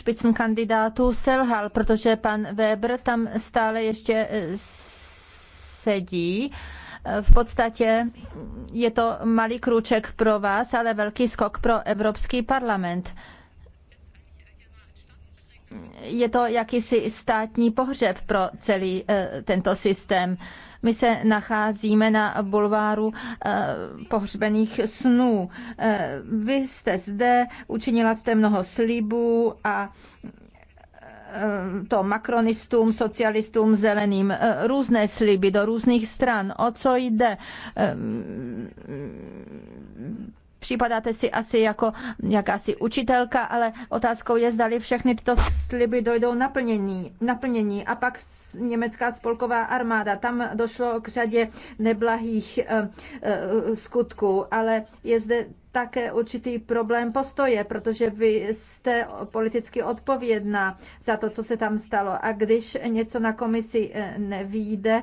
Spitzenkandidátů selhal, protože pan Weber tam stále ještě eh, sedí. Eh, v podstatě je to malý krůček pro vás, ale velký skok pro Evropský parlament je to jakýsi státní pohřeb pro celý eh, tento systém. My se nacházíme na bulváru eh, pohřbených snů. Eh, vy jste zde, učinila jste mnoho slibů a to makronistům, socialistům, zeleným různé sliby do různých stran. O co jde? Připadáte si asi jako jakási učitelka, ale otázkou je, zdali všechny tyto sliby dojdou naplnění. naplnění. A pak německá spolková armáda, tam došlo k řadě neblahých eh, eh, skutků, ale je zde také určitý problém postoje, protože vy jste politicky odpovědná za to, co se tam stalo. A když něco na komisi eh, nevíde,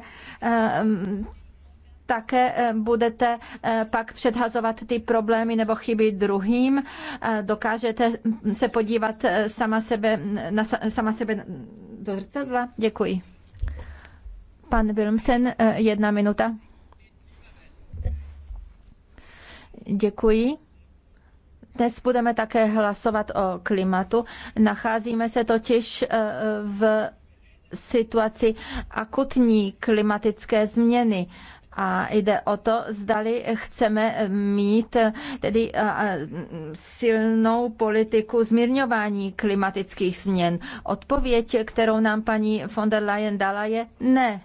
také eh, budete eh, pak předhazovat ty problémy nebo chyby druhým. Eh, dokážete hm, se podívat sama sebe, hm, na, sama sebe do zrcadla? Děkuji. Pan Wilmsen, jedna minuta. Děkuji. Dnes budeme také hlasovat o klimatu. Nacházíme se totiž v situaci akutní klimatické změny a jde o to, zdali chceme mít tedy silnou politiku zmírňování klimatických změn. Odpověď, kterou nám paní von der Leyen dala, je ne.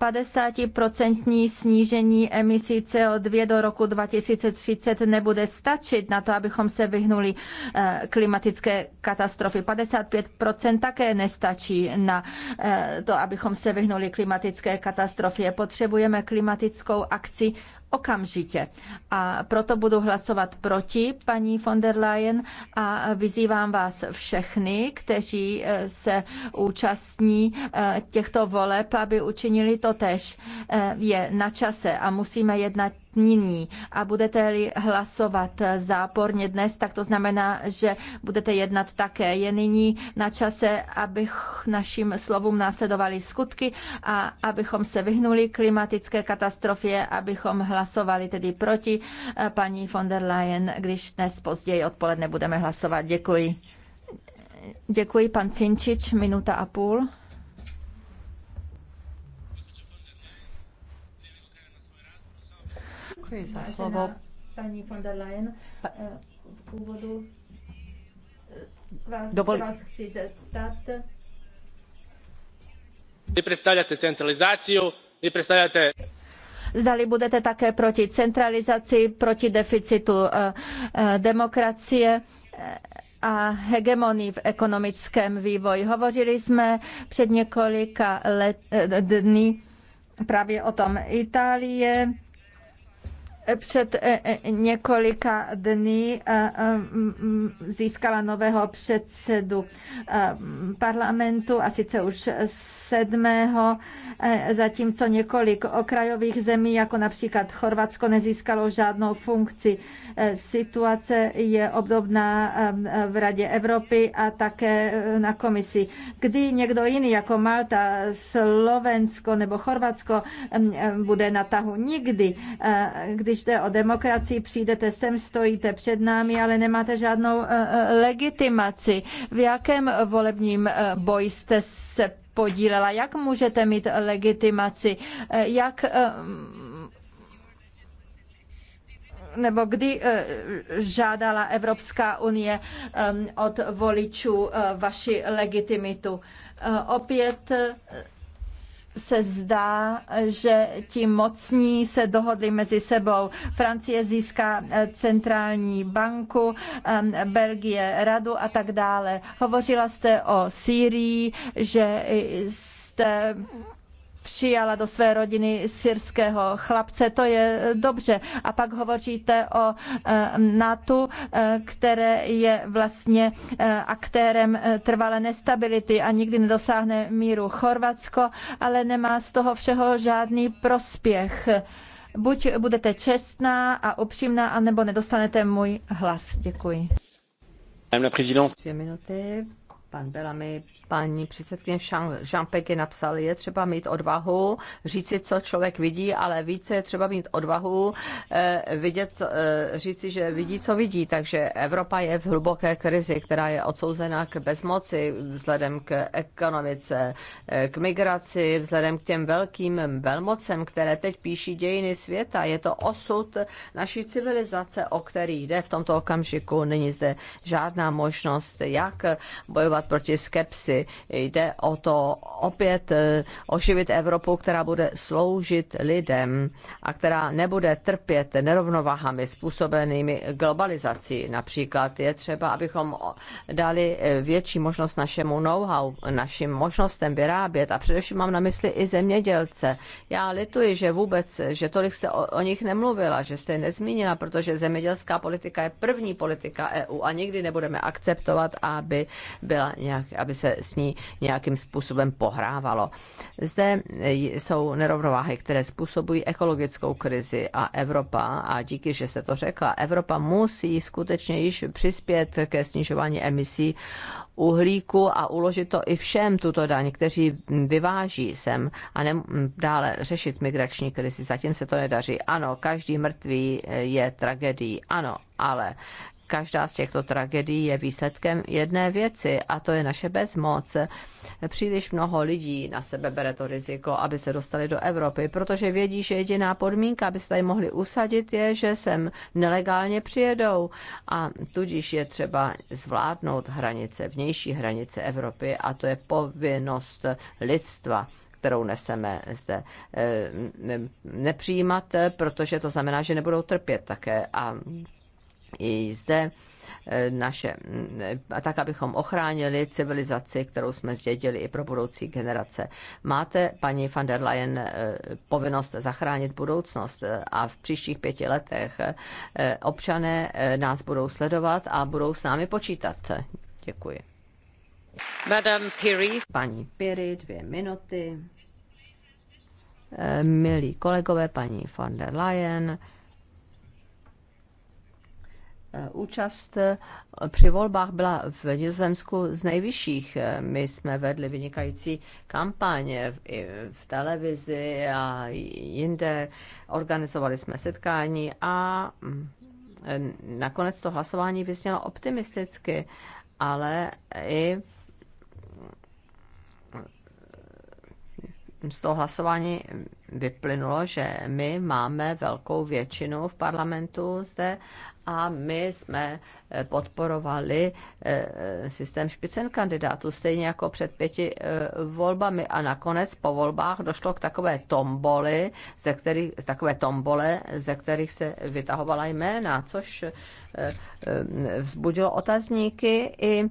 50% snížení emisí CO2 do roku 2030 nebude stačit na to, abychom se vyhnuli eh, klimatické katastrofy. 55% také nestačí na eh, to, abychom se vyhnuli klimatické katastrofě. Potřebujeme klimatickou akci okamžitě. A proto budu hlasovat proti paní von der Leyen a vyzývám vás všechny, kteří eh, se účastní eh, těchto voleb, aby učinili to tež. Eh, je na čase a musíme jednat nyní a budete-li hlasovat záporně dnes, tak to znamená, že budete jednat také. Je nyní na čase, abych našim slovům následovali skutky a abychom se vyhnuli klimatické katastrofě, abychom hlasovali tedy proti eh, paní von der Leyen, když dnes později odpoledne budeme hlasovat. Děkuji. Děkuji, pan Sinčič, minuta a půl. Děkuji za slovo. Paní von der Leyen, eh, v úvodu eh, vás, Dovol... vás chci zeptat. Vy centralizaci, vy představíte zdali budete také proti centralizaci, proti deficitu eh, demokracie a hegemonii v ekonomickém vývoji. Hovořili jsme před několika let, dny právě o tom. Itálie před eh, eh, několika dny eh, získala nového předsedu parlamentu a sice už sedmého, zatímco několik okrajových zemí, jako například Chorvatsko, nezískalo žádnou funkci. Situace je obdobná v Radě Evropy a také na komisi. Kdy někdo jiný, jako Malta, Slovensko nebo Chorvatsko, bude na tahu nikdy, když když jde o demokracii, přijdete sem, stojíte před námi, ale nemáte žádnou eh, eh, legitimaci. V jakém volebním eh, boji jste se podílela? Jak můžete mít legitimaci? Jak ehm, nebo kdy žádala Evropská unie ehm, od voličů vaši legitimitu. Opět se zdá, že ti mocní se dohodli mezi sebou. Francie získá eh, centrální banku, eh, Belgie radu a tak dále. Hovořila jste o Sýrii, že jste přijala do své rodiny syrského chlapce, to je eh, dobře. A pak hovoříte o eh, NATO, eh, které je vlastně aktérem trvalé nestability a nikdy nedosáhne míru. Chorvatsko ale nemá z toho všeho žádný prospěch. Buď budete čestná a upřímná, anebo nedostanete můj hlas. Děkuji. Dvě minuty, pan Bellamy, paní předsedkyně Jean-Peky napsal, je třeba mít odvahu říci, co člověk vidí, ale více je třeba mít odvahu eh, vidět, eh, říci, že vidí, co vidí. Takže Evropa je v hluboké krizi, která je odsouzena k bezmoci vzhledem k ekonomice, eh, k migraci, vzhledem k těm velkým velmocem, které teď píší dějiny světa. Je to osud naší civilizace, o který jde v tomto okamžiku. Není zde žádná možnost, jak bojovat bojovat proti skepsi. Jde o to opět eh, oživit Evropu, která bude sloužit lidem a která nebude trpět nerovnováhami způsobenými globalizací. Například je třeba, abychom dali eh, větší možnost našemu know-how, našim možnostem vyrábět a především mám na mysli i zemědělce. Já lituji, že vůbec, že tolik jste o, o nich nemluvila, že jste je nezmínila, protože zemědělská politika je první politika EU a nikdy nebudeme akceptovat, aby byla nějak, aby se s ní nějakým způsobem pohrávalo. Zde jsou nerovnováhy, které způsobují ekologickou krizi a Evropa, a díky, že jste to řekla, Evropa musí skutečně již přispět ke snižování emisí uhlíku a uložit to i všem tuto daň, kteří vyváží sem a ne, dále řešit migrační krizi. Zatím se to nedaří. Ano, každý mrtvý je tragédií. Ano, ale Každá z těchto tragédií je výsledkem jedné věci a to je naše bezmoc. Příliš mnoho lidí na sebe bere to riziko, aby se dostali do Evropy, protože vědí, že jediná podmínka, aby se tady mohli usadit, je, že sem nelegálně přijedou a tudíž je třeba zvládnout hranice, vnější hranice Evropy a to je povinnost lidstva kterou neseme zde, eh, nepřijímat, protože to znamená, že nebudou trpět také. A i zde e, naše, e, tak abychom ochránili civilizaci, kterou jsme zdědili i pro budoucí generace. Máte, paní van der Leyen, e, povinnost zachránit budoucnost a v příštích pěti letech občané nás budou sledovat a budou s námi počítat. Děkuji. Madame Piri. Paní Piri, dvě minuty. Milí kolegové, paní van der Leyen, Eh, účast eh, při volbách byla v Nizozemsku z nejvyšších. Eh, my jsme vedli vynikající kampaně v televizi a jinde. Organizovali jsme setkání a mm, nakonec to hlasování vyznělo optimisticky, ale i mm, z toho hlasování vyplynulo, že my máme velkou většinu v parlamentu zde a my jsme podporovali eh, systém špicen kandidátů, stejně jako před pěti eh, volbami. A nakonec po volbách došlo k takové tomboli, ze kterých, takové tombole, ze kterých se vytahovala jména, což eh, vzbudilo otazníky i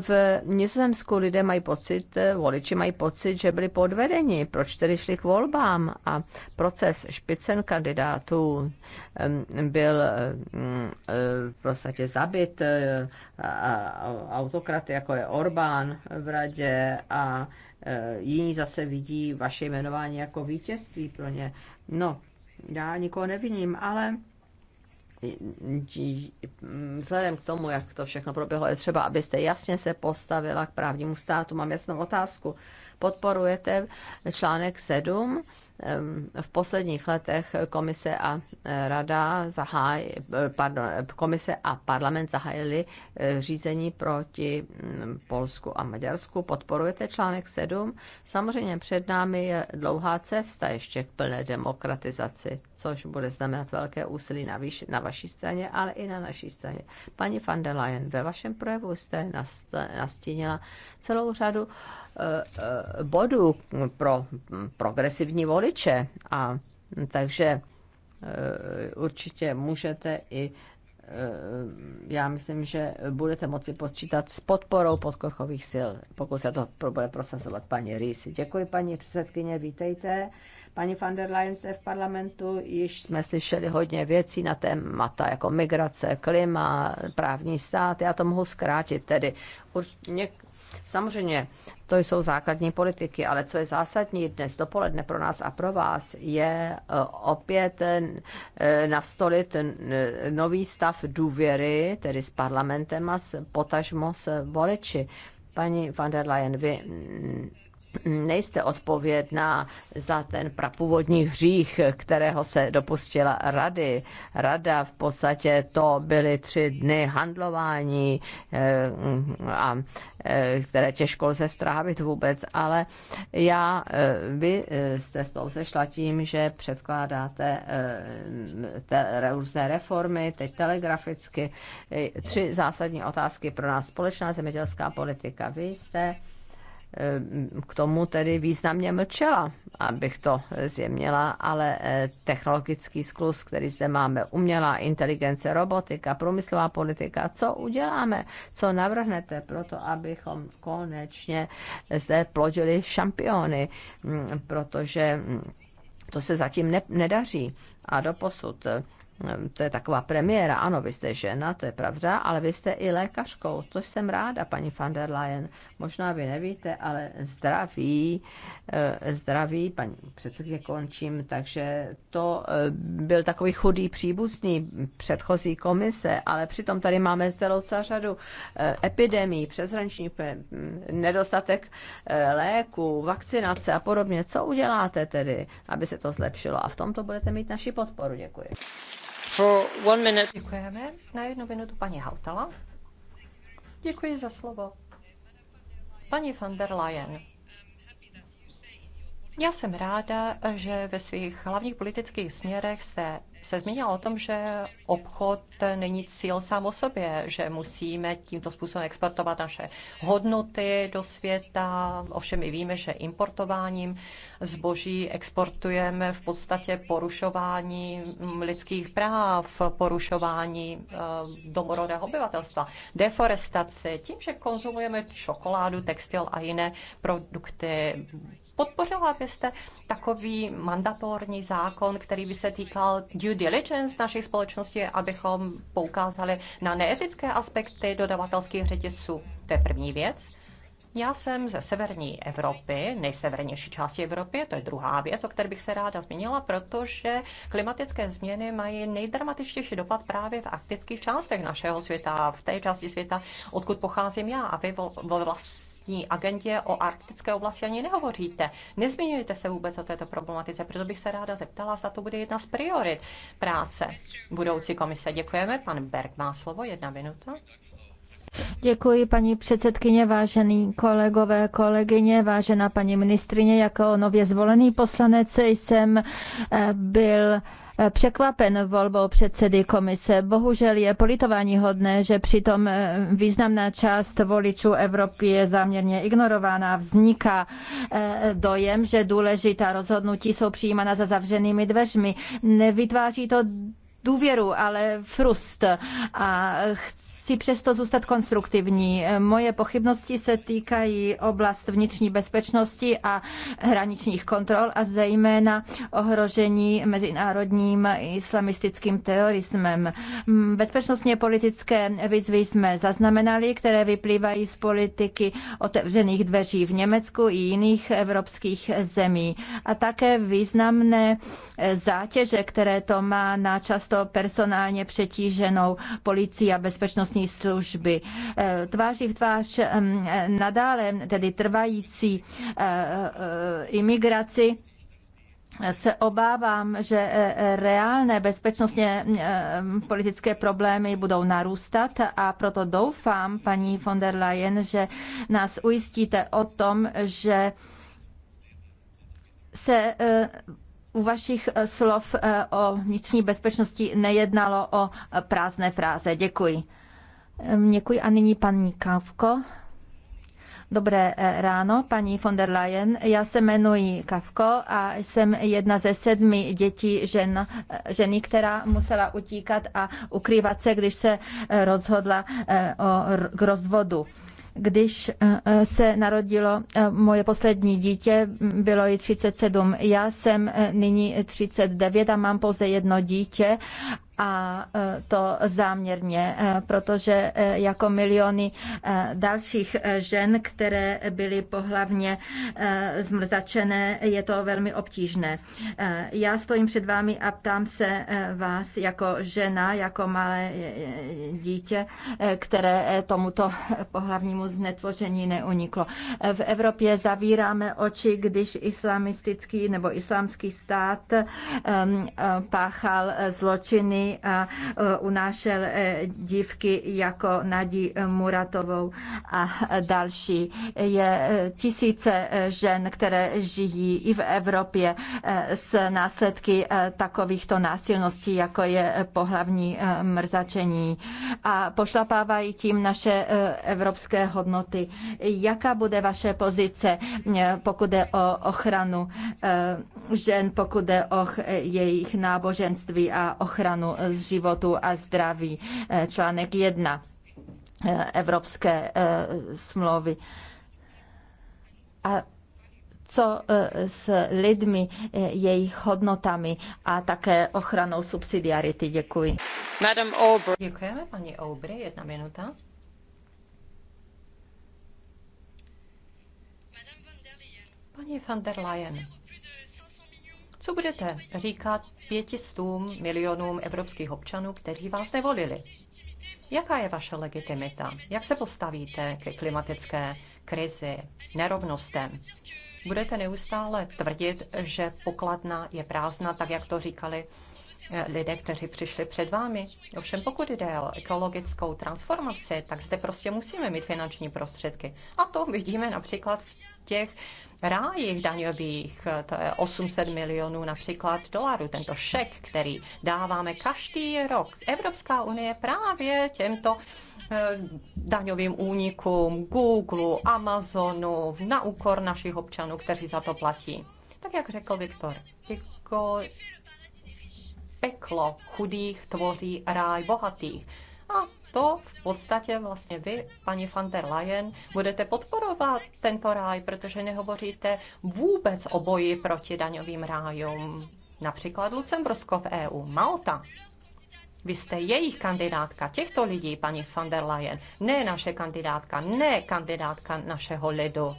v Nizozemsku lidé mají pocit, voliči mají pocit, že byli podvedeni, proč tedy šli k volbám a proces špicen kandidátů byl v podstatě zabitý zabit eh, autokraty, jako je Orbán v radě a eh, jiní zase vidí vaše jmenování jako vítězství pro ně. No, já nikoho neviním, ale vzhledem k tomu, jak to všechno proběhlo, je třeba, abyste jasně se postavila k právnímu státu. Mám jasnou otázku. Podporujete článek 7 v posledních letech komise a eh, rada zahaj, pardon, komise a parlament zahájili eh, řízení proti mm, Polsku a Maďarsku. Podporujete článek 7? Samozřejmě před námi je dlouhá cesta ještě k plné demokratizaci, což bude znamenat velké úsilí na, výš, na vaší straně, ale i na naší straně. Paní van der Leyen, ve vašem projevu jste nastínila celou řadu eh, bodů pro mm, progresivní voli voliče. A hm, takže eh, určitě můžete i eh, já myslím, že budete moci počítat s podporou podkorchových sil, pokud se to bude prosazovat paní Rýsi. Děkuji, paní předsedkyně, vítejte. Paní van der Leyen jste v parlamentu, již jsme slyšeli hodně věcí na témata jako migrace, klima, právní stát. Já to mohu zkrátit tedy. Už něk- Samozřejmě, to jsou základní politiky, ale co je zásadní dnes dopoledne pro nás a pro vás, je eh, opět eh, nastolit eh, nový stav důvěry, tedy s parlamentem a s potažmo s voliči. Paní van der Leyen, vy mm, nejste odpovědná za ten prapůvodní hřích, kterého se dopustila rady. Rada v podstatě to byly tři dny handlování, eh, a, eh, které těžko lze strávit vůbec, ale já, eh, vy jste s tou sešla tím, že předkládáte te, různé reformy, teď telegraficky. Tři zásadní otázky pro nás. Společná zemědělská politika. Vy jste Ehm, k tomu tedy významně mlčela, abych to zjemnila, ale eh, technologický sklus, který zde máme, umělá inteligence, robotika, průmyslová politika, co uděláme, co navrhnete pro to, abychom konečně zde plodili šampiony, hm, protože hm, to se zatím ne, nedaří. A doposud Ehm, to je taková premiéra, ano, vy jste žena, to je pravda, ale vy jste i lékařkou, to jsem ráda, paní van der Leyen. Možná vy nevíte, ale zdraví, eh, zdraví, paní předsedkyně končím, takže to eh, byl takový chudý příbuzný předchozí komise, ale přitom tady máme zde řadu eh, epidemí, přeshraniční nedostatek léků, vakcinace a podobně. Co uděláte tedy, aby se to zlepšilo? A v tomto budete mít naši podporu. Děkuji. For Děkujeme. Na jednu minutu paní Hautala. Děkuji za slovo. Paní van der Leyen, já jsem ráda, že ve svých hlavních politických směrech se se zmínila o tom, že obchod není cíl sám o sobě, že musíme tímto způsobem exportovat naše hodnoty do světa. Ovšem my víme, že importováním zboží exportujeme v podstatě porušování lidských práv, porušování eh, domorodého obyvatelstva, deforestaci, tím, že konzumujeme čokoládu, textil a jiné produkty, Podpořila byste takový mandatorní zákon, který by se týkal due diligence naší společnosti, abychom poukázali na neetické aspekty dodavatelských řetězců? To je první věc. Já jsem ze severní Evropy, nejsevernější části Evropy, to je druhá věc, o které bych se ráda zmínila, protože klimatické změny mají nejdramatičtější dopad právě v arktických částech našeho světa, v té části světa, odkud pocházím já. A vy vlastně konfliktní agendě o arktické oblasti ani nehovoříte. Nezmiňujete se vůbec o této problematice, proto bych se ráda zeptala, zda to bude jedna z priorit práce budoucí komise. Děkujeme. Pan Berg má slovo, jedna minuta. Děkuji paní předsedkyně, vážení kolegové, kolegyně, vážená paní ministrině. Jako nově zvolený poslanec jsem eh, byl překvapen volbou předsedy komise. Bohužel je politování hodné, že přitom eh, významná část voličů Evropy je záměrně ignorována. Vzniká eh, dojem, že důležitá rozhodnutí jsou přijímána za zavřenými dveřmi. Nevytváří to důvěru, ale frust a chci chci přesto zůstat konstruktivní. Moje pochybnosti se týkají oblast vnitřní bezpečnosti a hraničních kontrol a zejména ohrožení mezinárodním islamistickým terorismem. Bezpečnostně politické výzvy jsme zaznamenali, které vyplývají z politiky otevřených dveří v Německu i jiných evropských zemí. A také významné zátěže, které to má na často personálně přetíženou policii a bezpečnostní zahraniční služby. Eh, tváří v tvář nadále, tedy trvající eh, eh, imigraci, se obávám, že reálné bezpečnostně politické problémy budou narůstat a proto doufám, paní von der Leyen, že nás ujistíte o tom, že se u vašich slov o vnitřní bezpečnosti nejednalo o prázdné fráze. Děkuji. Děkuji a nyní paní Kávko. Dobré eh, ráno, paní von der Leyen. Já se jmenuji Kavko a jsem jedna ze sedmi dětí žen, eh, ženy, která musela utíkat a ukrývat se, když se eh, rozhodla k rozvodu když se narodilo moje poslední dítě, bylo ji 37. Já jsem nyní 39 a mám pouze jedno dítě a e, to záměrně, e, protože e, jako miliony dalších žen, které byly pohlavně zmrzačené, je to velmi obtížné. Já stojím před vámi a ptám se vás jako žena, jako malé dítě, které tomuto pohlavnímu znetvoření neuniklo. V Evropě zavíráme oči, když islamistický nebo islámský stát páchal zločiny a e, unášel e, dívky jako Nadí Muratovou a další. Je e, tisíce žen, které žijí i v Evropě s následky takovýchto násilností, jako je pohlavní mrzačení a pošlapávají tím naše evropské hodnoty. Jaká bude vaše pozice, pokud jde o ochranu žen, pokud jde o jejich náboženství a ochranu z životu a zdraví. Eh, článek 1 eh, Evropské eh, smlouvy. A co s lidmi, jejich hodnotami a také ochranou subsidiarity. Děkuji. Madam Aubrey. Děkujeme, paní Aubrey. Jedna minuta. Paní van der Leyen, co budete říkat 500 milionům evropských občanů, kteří vás nevolili. Jaká je vaše legitimita? Jak se postavíte ke klimatické krizi, nerovnostem? Budete neustále tvrdit, že pokladna je prázdná, tak jak to říkali eh, lidé, kteří přišli před vámi. Ovšem pokud jde o ekologickou transformaci, tak zde prostě musíme mít finanční prostředky. A to vidíme například v těch rájích daňových, to je 800 milionů například dolarů, tento šek, který dáváme každý rok. Evropská unie právě těmto eh, daňovým únikům, Google, Amazonu, na úkor našich občanů, kteří za to platí. Tak jak řekl Viktor, jako peklo chudých tvoří ráj bohatých to v podstatě vlastně vy, paní van der Leyen, budete podporovat tento ráj, protože nehovoříte vůbec o boji proti daňovým rájům. Například Lucembursko v EU, Malta. Vy jste jejich kandidátka, těchto lidí, paní van der Leyen, ne naše kandidátka, ne kandidátka našeho lidu.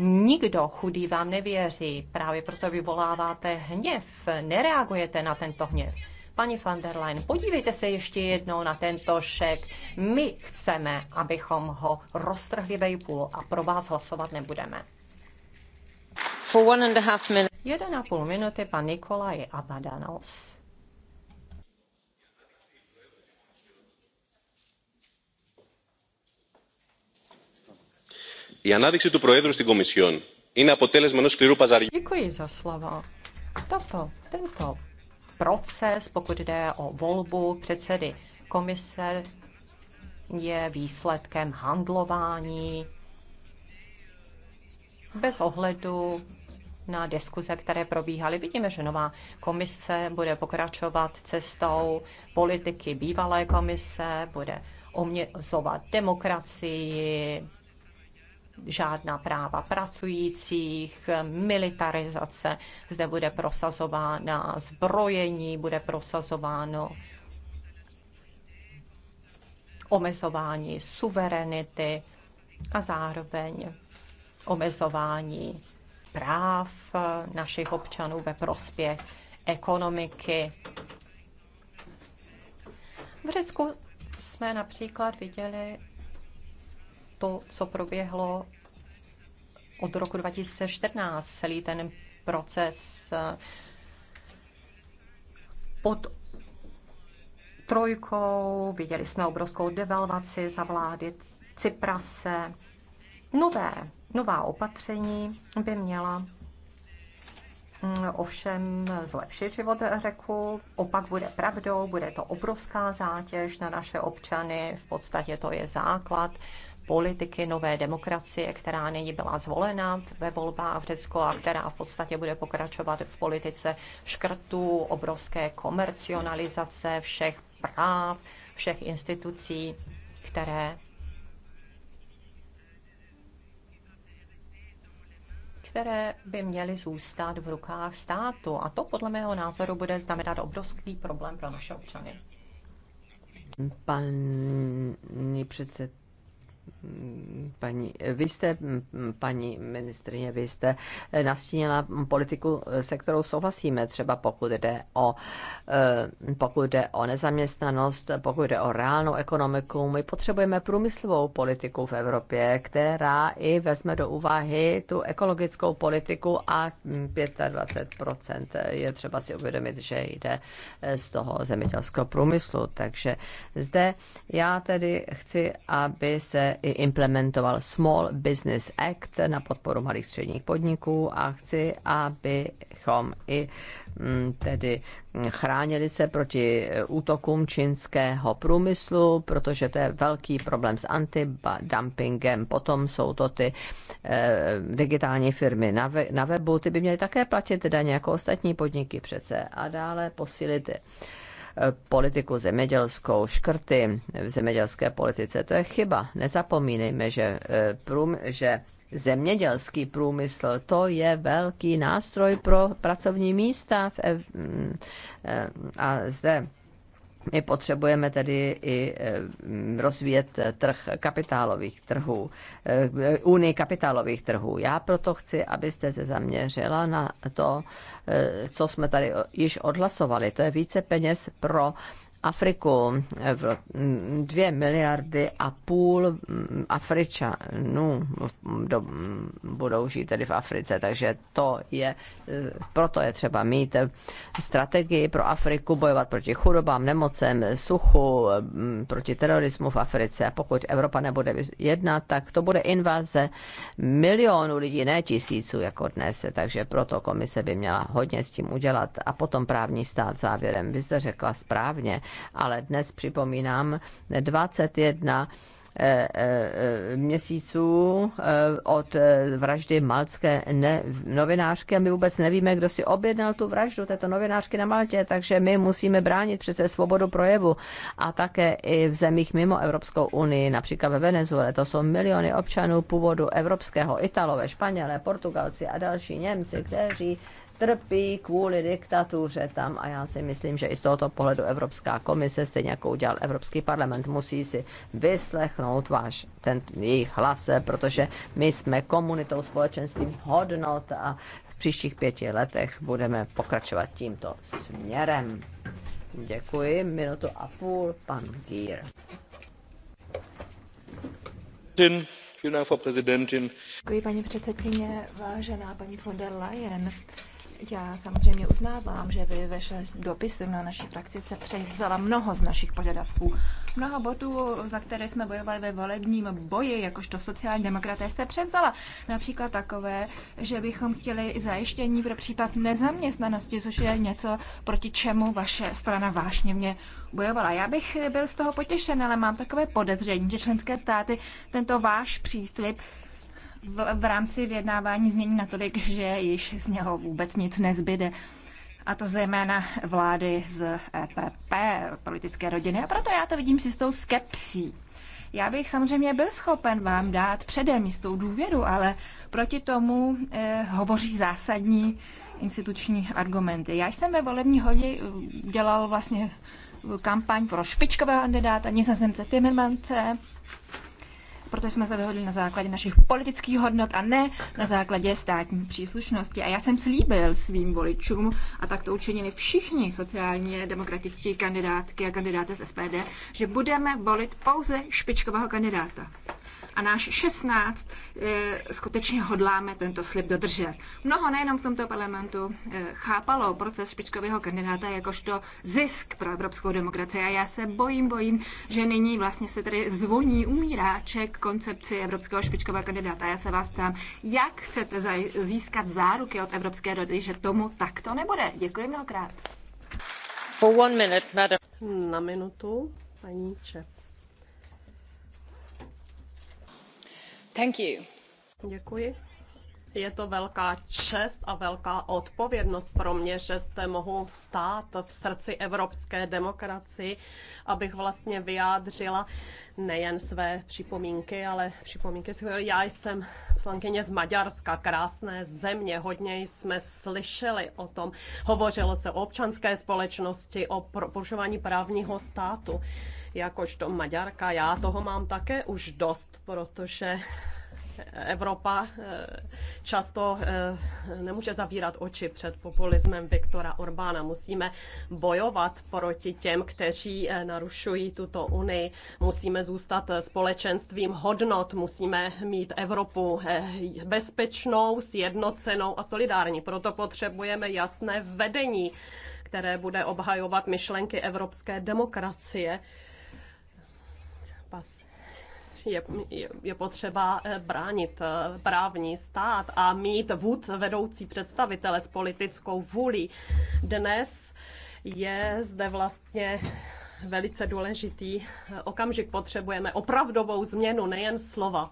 Nikdo chudý vám nevěří, právě proto vyvoláváte hněv, nereagujete na tento hněv. Pani van der Leyen, podívejte se ještě jednou na tento šek. My chceme, abychom ho roztrhli ve půl a pro vás hlasovat nebudeme. For one and a half minute. Jeden a půl minuty pan Nikolaj Abadanos. Η ανάδειξη του Προέδρου στην Κομισιόν είναι αποτέλεσμα ενός σκληρού παζαριού. Děkuji za slovo. Toto, tento proces, pokud jde o volbu předsedy komise, je výsledkem handlování bez ohledu na diskuze, které probíhaly. Vidíme, že nová komise bude pokračovat cestou politiky bývalé komise, bude omězovat demokracii, žádná práva pracujících, militarizace, zde bude prosazována zbrojení, bude prosazováno omezování suverenity a zároveň omezování práv našich občanů ve prospěch ekonomiky. V Řecku jsme například viděli to, co proběhlo od roku 2014, celý ten proces eh, pod trojkou, viděli jsme obrovskou devalvaci za vlády Cyprase. Nové, nová opatření by měla mm, ovšem zlepšit život řeku. Opak bude pravdou, bude to obrovská zátěž na naše občany, v podstatě to je základ politiky nové demokracie, která nyní byla zvolena ve volbách v Řecku a která v podstatě bude pokračovat v politice škrtů, obrovské komercionalizace všech práv, všech institucí, které které by měly zůstat v rukách státu. A to podle mého názoru bude znamenat obrovský problém pro naše občany. Pan předsedkyně, Paní, vy jste, paní ministrině, vy jste nastínila politiku, se kterou souhlasíme, třeba pokud jde o, eh, pokud jde o nezaměstnanost, pokud jde o reálnou ekonomiku. My potřebujeme průmyslovou politiku v Evropě, která i vezme do úvahy tu ekologickou politiku a 25% je třeba si uvědomit, že jde eh, z toho zemědělského průmyslu. Takže zde já tedy chci, aby se i implementoval Small Business Act na podporu malých středních podniků a chci, abychom i mm, tedy chránili se proti útokům čínského průmyslu, protože to je velký problém s antidumpingem. Potom jsou to ty eh, digitální firmy na webu, ty by měly také platit daně jako ostatní podniky přece a dále posílit politiku zemědělskou, škrty v zemědělské politice. To je chyba. Nezapomínejme, že, eh, prům, že zemědělský průmysl, to je velký nástroj pro pracovní místa v, mm, eh, a zde my potřebujeme tedy i eh, rozvíjet trh kapitálových trhů, eh, unii kapitálových trhů. Já proto chci, abyste se zaměřila na to, eh, co jsme tady již odhlasovali. To je více peněz pro Afriku. Dvě miliardy a půl mm, Afričanů do, budou žít tedy v Africe, takže to je, eh, proto je třeba mít strategii pro Afriku, bojovat proti chudobám, nemocem, suchu, mm, proti terorismu v Africe. A pokud Evropa nebude jednat, tak to bude invaze milionů lidí, ne tisíců jako dnes. Takže proto komise by měla hodně s tím udělat. A potom právní stát závěrem. Vy jste řekla správně, ale dnes připomínám 21 eh, eh, měsíců eh, od vraždy malcké ne, novinářky a my vůbec nevíme, kdo si objednal tu vraždu této novinářky na Maltě, takže my musíme bránit přece svobodu projevu a také i v zemích mimo Evropskou unii, například ve Venezuele, to jsou miliony občanů původu evropského, Italové, Španělé, Portugalci a další Němci, kteří trpí kvůli diktatuře tam a já si myslím, že i z tohoto pohledu Evropská komise, stejně jako udělal Evropský parlament, musí si vyslechnout váš ten jejich hlas, protože my jsme komunitou společenstvím hodnot a v příštích pěti letech budeme pokračovat tímto směrem. Děkuji, minutu a půl, pan Gír. Děkuji, paní předsedkyně, vážená paní von der Leyen. Já samozřejmě uznávám, že vy ve dopisy na naší frakci se převzala mnoho z našich požadavků. Mnoho bodů, za které jsme bojovali ve volebním boji, jakožto sociální demokraté, se převzala. Například takové, že bychom chtěli zajištění pro případ nezaměstnanosti, což je něco, proti čemu vaše strana mě bojovala. Já bych byl z toho potěšen, ale mám takové podezření, že členské státy tento váš příslip v, v rámci vyjednávání změní natolik, že již z něho vůbec nic nezbyde a to zejména vlády z EPP, politické rodiny. A proto já to vidím si s tou skepsí. Já bych samozřejmě byl schopen vám dát předem jistou důvěru, ale proti tomu e, hovoří zásadní instituční argumenty. Já jsem ve volební hodě eh, dělal vlastně kampaň pro špičkového kandidáta se Timmermance, protože jsme se dohodli na základě našich politických hodnot a ne na základě státní příslušnosti. A já jsem slíbil svým voličům, a tak to učinili všichni sociálně demokratičtí kandidátky a kandidáty z SPD, že budeme volit pouze špičkového kandidáta a náš 16 eh, skutečně hodláme tento slib dodržet. Mnoho nejenom v tomto parlamentu eh, chápalo proces špičkového kandidáta jakožto zisk pro evropskou demokracii a já se bojím, bojím, že nyní vlastně se tady zvoní umíráček koncepci evropského špičkového kandidáta. Já se vás ptám, jak chcete získat záruky od Evropské rady, že tomu tak to nebude. Děkuji mnohokrát. For one minute, madam. Na minutu, paní Čep. Děkuji. Je to velká čest a velká odpovědnost pro mě, že jste mohu stát v srdci evropské demokracii, abych vlastně vyjádřila nejen své připomínky, ale připomínky si Já jsem poslankyně z Maďarska, krásné země, hodně jsme slyšeli o tom. Hovořilo se o občanské společnosti, o porušování právního státu. Jakožto Maďarka, já toho mám také už dost, protože Evropa eh, často eh, nemůže zavírat oči před populismem Viktora Orbána. Musíme bojovat proti těm, kteří eh, narušují tuto unii. Musíme zůstat společenstvím hodnot, musíme mít Evropu bezpečnou, sjednocenou a solidární. Proto potřebujeme jasné vedení, které bude obhajovat myšlenky evropské demokracie. Pas je, je potřeba eh, bránit eh, právní stát a mít vůd vedoucí představitele s politickou vůli. Dnes je zde vlastně velice důležitý okamžik. Potřebujeme opravdovou změnu, nejen slova.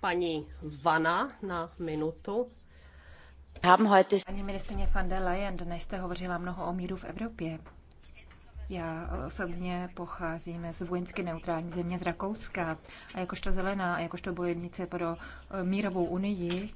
Paní Vana na minutu. Paní ministrině van der Leyen, dnes jste hovořila mnoho o míru v Evropě. Já osobně pocházím z vojensky neutrální země z Rakouska a jakožto zelená a jakožto bojovnice pro eh, mírovou unii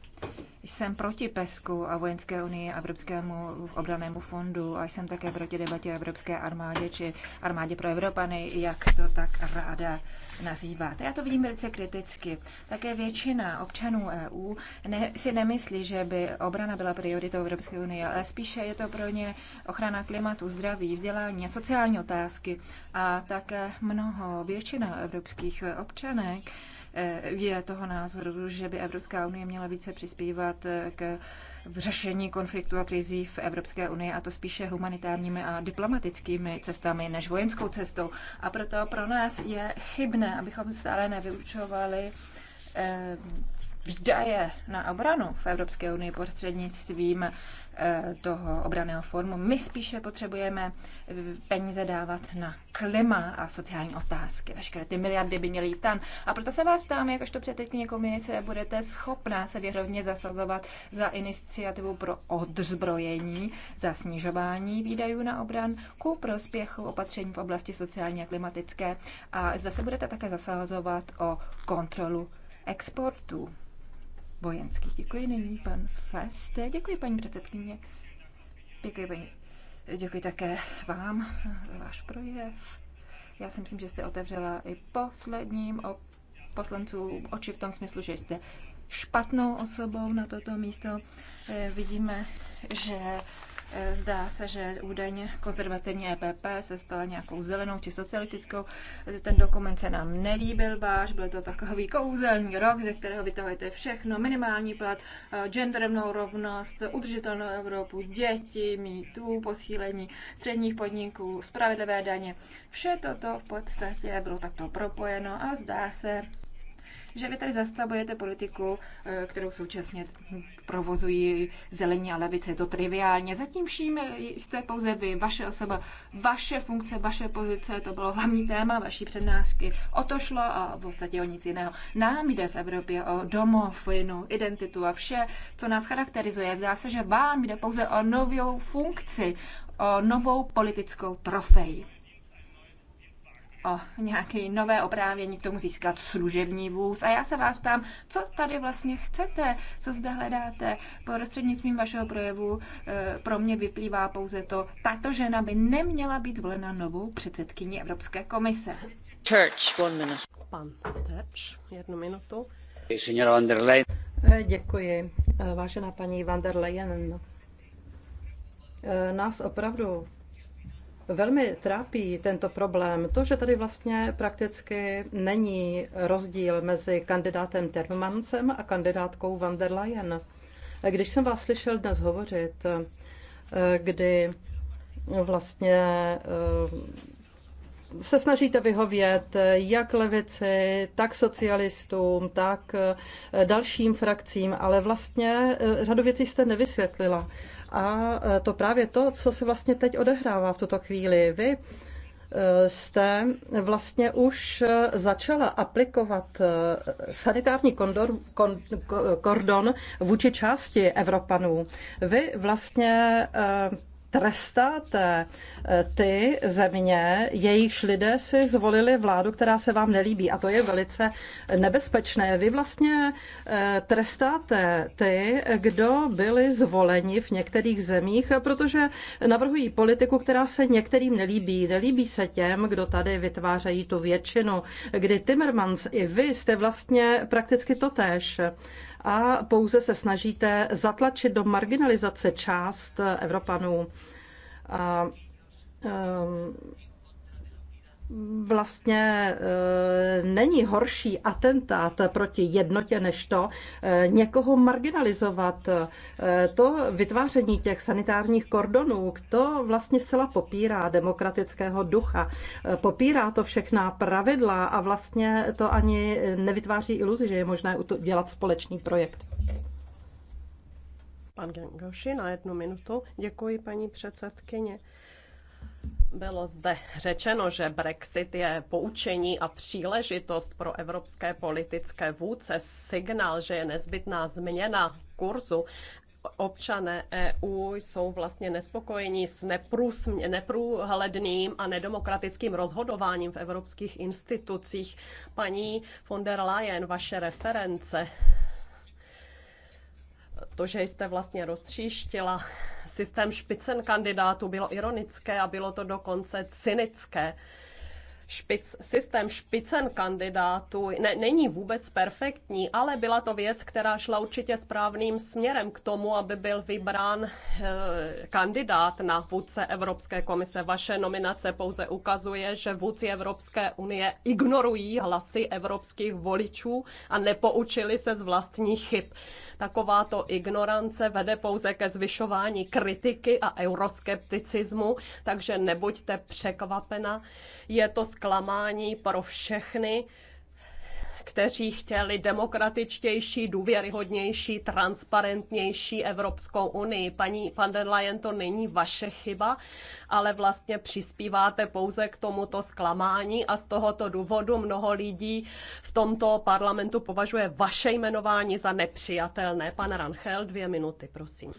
jsem proti PESku a Vojenské unii a Evropskému obranému fondu a jsem také proti debatě o Evropské armádě či armádě pro Evropany, jak to tak ráda nazýváte. Já to vidím velice kriticky. Také většina občanů EU ne, si nemyslí, že by obrana byla prioritou Evropské unie, ale spíše je to pro ně ochrana klimatu, zdraví, vzdělání, sociální otázky a také mnoho většina evropských občanek Eh, je toho názoru, že by Evropská unie měla více přispívat eh, k v řešení konfliktu a krizí v Evropské unii, a to spíše humanitárními a diplomatickými cestami než vojenskou cestou. A proto pro nás je chybné, abychom stále nevyučovali eh, výdaje na obranu v Evropské unii prostřednictvím Eh, toho obraného formu. My spíše potřebujeme peníze dávat na klima a sociální otázky. Veškeré ty miliardy by měly jít tam. A proto se vás ptám, jakožto předsedkyně komise, budete schopná se věrovně zasazovat za iniciativu pro odzbrojení, za snižování výdajů na obran ku prospěchu opatření v oblasti sociální a klimatické. A zase budete také zasazovat o kontrolu exportu vojenských. Děkuji nyní pan Fest. Děkuji paní předsedkyně. Děkuji, paní. Děkuji také vám za váš projev. Já si myslím, že jste otevřela i posledním o poslanců oči v tom smyslu, že jste špatnou osobou na toto místo. Eh, vidíme, že Zdá se, že údajně konzervativní EPP se stala nějakou zelenou či socialistickou. Ten dokument se nám nelíbil váš, byl to takový kouzelný rok, ze kterého vytahujete všechno, minimální plat, genderovnou rovnost, udržitelnou Evropu, děti, mítů, posílení středních podniků, spravedlivé daně. Vše toto v podstatě bylo takto propojeno a zdá se, že vy tady zastavujete politiku, eh, kterou současně provozují zelení a levice. Je to triviálně. Zatím vším eh, jste pouze vy, vaše osoba, vaše funkce, vaše pozice. To bylo hlavní téma vaší přednášky. O to šlo a v podstatě o nic jiného. Nám jde v Evropě o jinou identitu a vše, co nás charakterizuje. Zdá se, že vám jde pouze o novou funkci, o novou politickou trofej o nějaké nové oprávění, k tomu získat služební vůz. A já se vás ptám, co tady vlastně chcete, co zde hledáte. Po rozstřednictvím vašeho projevu eh, pro mě vyplývá pouze to, tato žena by neměla být volena novou předsedkyní Evropské komise. Church, one minute. Pan Church, jednu minutu. Eh, signora van der Leyen. Eh, děkuji, vážená paní van der Leyen. Nás opravdu velmi trápí tento problém. To, že tady vlastně prakticky není rozdíl mezi kandidátem Termancem a kandidátkou van der Leyen. Když jsem vás slyšel dnes hovořit, eh, kdy vlastně eh, se snažíte vyhovět jak levici, tak socialistům, tak eh, dalším frakcím, ale vlastně řadu věcí jste nevysvětlila. A e, to právě to, co se vlastně teď odehrává v tuto chvíli. Vy e, jste vlastně už e, začala aplikovat sanitární kondor, kon, kordon vůči části Evropanů. Vy vlastně trestáte eh, ty země, jejichž lidé si zvolili vládu, která se vám nelíbí. A to je velice nebezpečné. Vy vlastně eh, trestáte ty, kdo byli zvoleni v některých zemích, protože navrhují politiku, která se některým nelíbí. Nelíbí se těm, kdo tady vytvářejí tu většinu, kdy Timmermans i vy jste vlastně prakticky totéž a pouze se snažíte zatlačit do marginalizace část Evropanů. um, vlastně eh, není horší atentát proti jednotě, než to eh, někoho marginalizovat. Eh, to vytváření těch sanitárních kordonů, to vlastně zcela popírá demokratického ducha. Popírá to všechna pravidla a vlastně to ani nevytváří iluzi, že je možné dělat společný projekt. Pan Gengoši na jednu minutu. Děkuji, paní předsedkyně. Bylo zde řečeno, že Brexit je poučení a příležitost pro evropské politické vůdce, signál, že je nezbytná změna kurzu občané EU jsou vlastně nespokojení s neprůhledným a nedemokratickým rozhodováním v evropských institucích. Paní von der Leyen, vaše reference to, že jste vlastně roztříštila systém špicen kandidátů, bylo ironické a bylo to dokonce cynické špic, systém špicen kandidátů ne, není vůbec perfektní, ale byla to věc, která šla určitě správným směrem k tomu, aby byl vybrán e, kandidát na vůdce Evropské komise. Vaše nominace pouze ukazuje, že vůdci Evropské unie ignorují hlasy evropských voličů a nepoučili se z vlastních chyb. Takováto ignorance vede pouze ke zvyšování kritiky a euroskepticismu, takže nebuďte překvapena. Je to zklamání pro všechny, kteří chtěli demokratičtější, důvěryhodnější, transparentnější Evropskou unii. Paní van der Leyen, to není vaše chyba, ale vlastně přispíváte pouze k tomuto zklamání a z tohoto důvodu mnoho lidí v tomto parlamentu považuje vaše jmenování za nepřijatelné. Pan Ranchel, dvě minuty, prosím.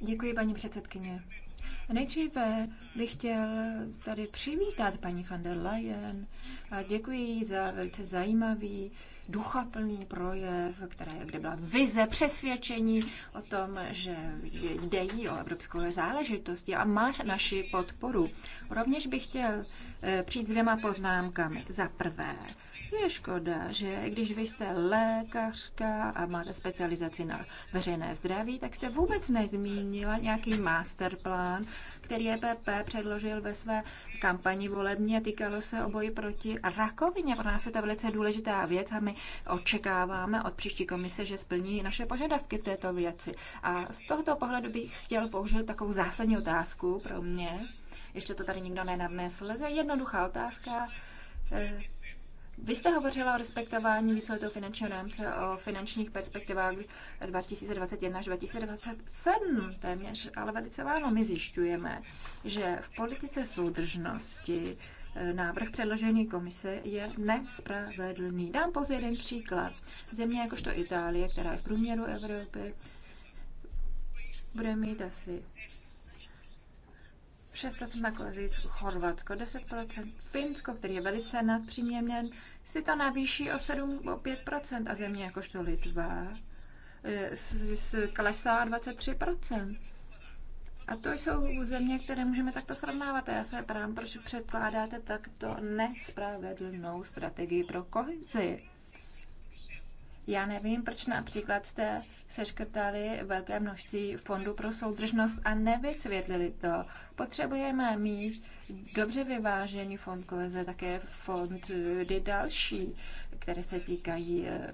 Děkuji, paní předsedkyně. Nejdříve bych chtěl tady přivítat paní van der Leyen a děkuji jí za velice zajímavý, duchaplný projev, která, kde byla vize, přesvědčení o tom, že jde jí o evropské záležitosti a má naši podporu. Rovněž bych chtěl eh, přijít s dvěma poznámkami. Za prvé, je škoda, že když vy jste lékařka a máte specializaci na veřejné zdraví, tak jste vůbec nezmínila nějaký masterplán, který EPP předložil ve své kampani volební a Týkalo se o boji proti rakovině. Pro nás je to velice důležitá věc a my očekáváme od příští komise, že splní naše požadavky v této věci. A z tohoto pohledu bych chtěl použít takovou zásadní otázku pro mě. Ještě to tady nikdo nenadnesl. To je jednoduchá otázka eh, vy jste hovořila o respektování víceletého finančního rámce, o finančních perspektivách 2021 až 2027 téměř, ale velice váno my zjišťujeme, že v politice soudržnosti eh, návrh předložený komise je nespravedlný. Dám pouze jeden příklad. Země jakožto Itálie, která je v průměru Evropy, bude mít asi 6% nakolik Chorvatsko, 10% Finsko, který je velice nadpříměrněn, si to navýší o 7, o 5% a země jakožto Litva z, eh, z, klesá 23%. A to jsou země, které můžeme takto srovnávat. A já se právě proč předkládáte takto nespravedlnou strategii pro kohezi. Já nevím, proč například jste seškrtali velké množství fondů pro soudržnost a nevysvětlili to. Potřebujeme mít dobře vyvážený fond koheze, také fondy eh, další, které se týkají eh,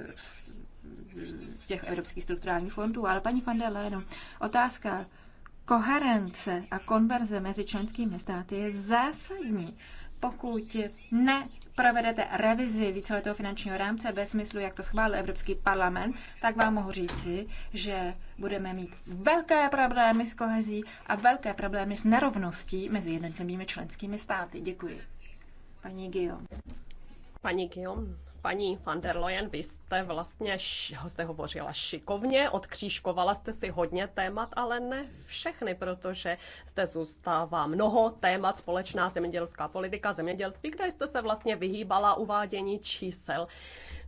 těch evropských strukturálních fondů. Ale paní van der Leyen, otázka koherence a konverze mezi členskými státy je zásadní pokud ne provedete revizi víceletého finančního rámce ve smyslu, jak to schválil Evropský parlament, tak vám mohu říci, že budeme mít velké problémy s kohezí a velké problémy s nerovností mezi jednotlivými členskými státy. Děkuji. Paní Guillaume. Paní Guillaume. Paní van der Leyen, vy jste vlastně, jste hovořila šikovně, odkřížkovala jste si hodně témat, ale ne všechny, protože zde zůstává mnoho témat, společná zemědělská politika, zemědělství, kde jste se vlastně vyhýbala uvádění čísel.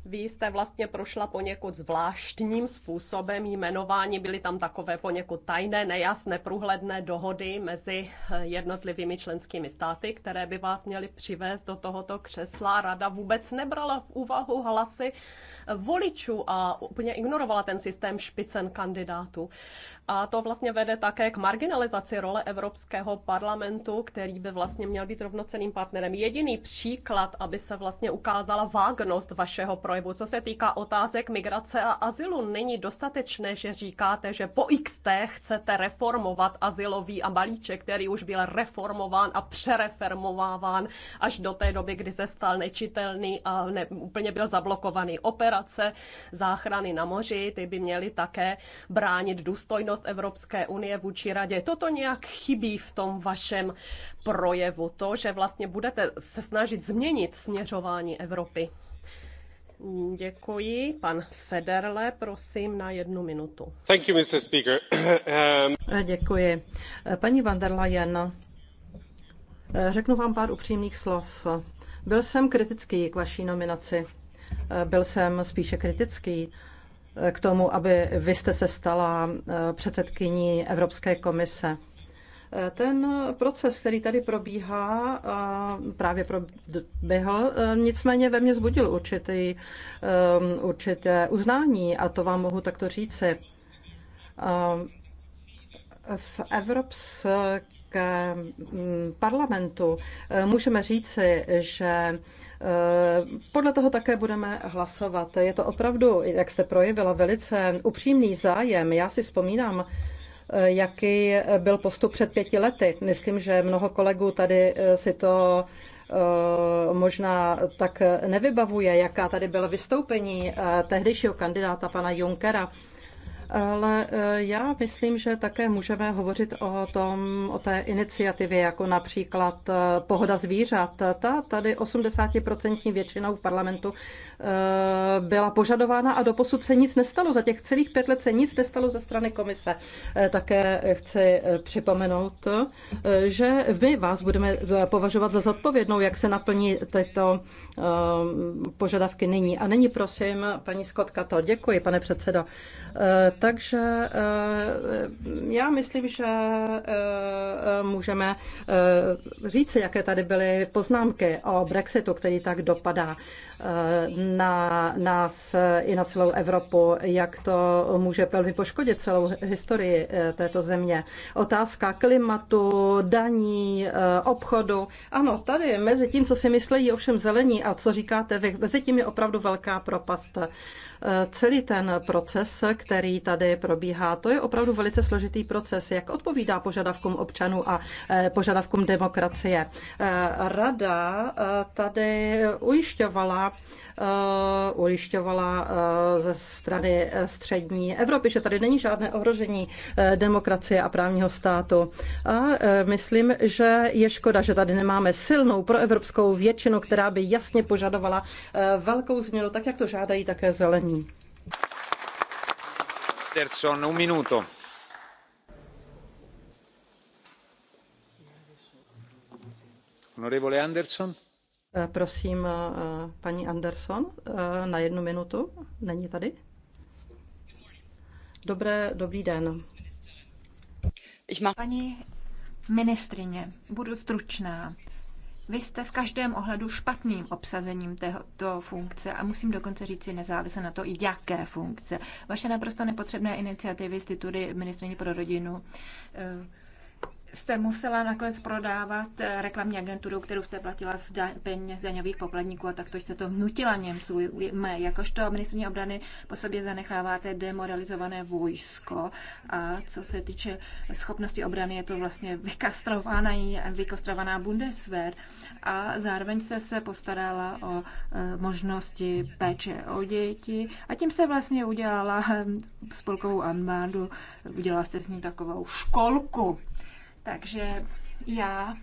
Vy jste vlastně prošla poněkud zvláštním způsobem jmenování. Byly tam takové poněkud tajné, nejasné, průhledné dohody mezi jednotlivými členskými státy, které by vás měly přivést do tohoto křesla. Rada vůbec nebrala v úvahu hlasy voličů a úplně ignorovala ten systém špicen kandidátů. A to vlastně vede také k marginalizaci role Evropského parlamentu, který by vlastně měl být rovnoceným partnerem. Jediný příklad, aby se vlastně ukázala vágnost vašeho projevu, co se týká otázek migrace a azylu, není dostatečné, že říkáte, že po XT chcete reformovat azylový a balíček, který už byl reformován a přereformováván až do té doby, kdy se stal nečitelný a ne, úplně byl zablokovaný. Operace záchrany na moři, ty by měly také bránit důstojnost odpovědnost Evropské unie vůči radě. Toto nějak chybí v tom vašem projevu, to, že vlastně budete se snažit změnit směřování Evropy. Děkuji. Pan Federle, prosím, na jednu minutu. Thank you, Mr. Speaker. Um, eh, děkuji. Eh, paní van der Leyen, eh, řeknu vám pár upřímných slov. Byl jsem kritický k vaší nominaci. Byl jsem spíše kritický k tomu, aby vy jste se stala eh, předsedkyní Evropské komise. Eh, ten proces, který tady probíhá, eh, právě proběhl, nicméně ve mně zbudil určitý, určité uznání a to vám mohu takto říci. V Evropské Mm, parlamentu eh, můžeme říci, že eh, podle toho také budeme hlasovat. Je to opravdu, jak jste projevila, velice upřímný zájem. Já si vzpomínám, eh, jaký byl postup před pěti lety. Myslím, že mnoho kolegů tady si to možná tak nevybavuje, jaká tady byla vystoupení tehdejšího kandidáta pana Junkera ale e, já myslím, že také můžeme hovořit o tom, o té iniciativě, jako například e, pohoda zvířat. Ta tady 80% většinou v parlamentu e, byla požadována a doposud se nic nestalo. Za těch celých pět let se nic nestalo ze strany komise. Také chci připomenout, že my vás budeme považovat za zodpovědnou, jak se naplní tyto požadavky nyní. A nyní prosím, paní Skotka, to děkuji, pane předsedo takže eh, já myslím, že eh, můžeme eh, říci, jaké tady byly poznámky o Brexitu, který tak dopadá. Eh, na nás i na celou Evropu, jak to může velmi poškodit celou historii eh, této země. Otázka klimatu, daní, eh, obchodu. Ano, tady mezi tím, co si myslí ovšem zelení a co říkáte vy, mezi tím je opravdu velká propast. Celý ten proces, který tady probíhá, to je opravdu velice složitý proces, jak odpovídá požadavkům občanů a požadavkům demokracie. Rada tady ujišťovala, Eh, ujišťovala eh, ze strany eh, střední Evropy, že tady není žádné ohrožení demokracie a právního státu. A myslím, že je škoda, že tady nemáme silnou proevropskou většinu, která by jasně požadovala velkou změnu, tak jak to žádají také zelení. Anderson, un minuto. Honorevole Anderson Eh, prosím, eh, paní Anderson, eh, na jednu minutu. Není tady? Dobré, dobrý den. Paní ministrině, budu stručná. Vy jste v každém ohledu špatným obsazením této funkce a musím dokonce říct si nezávisle na to, jaké funkce. Vaše naprosto nepotřebné iniciativy z titury ministrině pro rodinu jste musela nakonec prodávat eh, reklamní agenturu, kterou jste platila z da- peněz daňových poplatníků a takto jste to vnutila Němců. Mé, jakožto ministrní obrany po sobě zanecháváte demoralizované vojsko a co se týče schopnosti obrany, je to vlastně vykastrovaná, vykastrovaná Bundeswehr a zároveň jste se postarala o eh, možnosti péče o děti a tím se vlastně udělala eh, spolkovou armádu, udělala jste s ní takovou školku. Takže já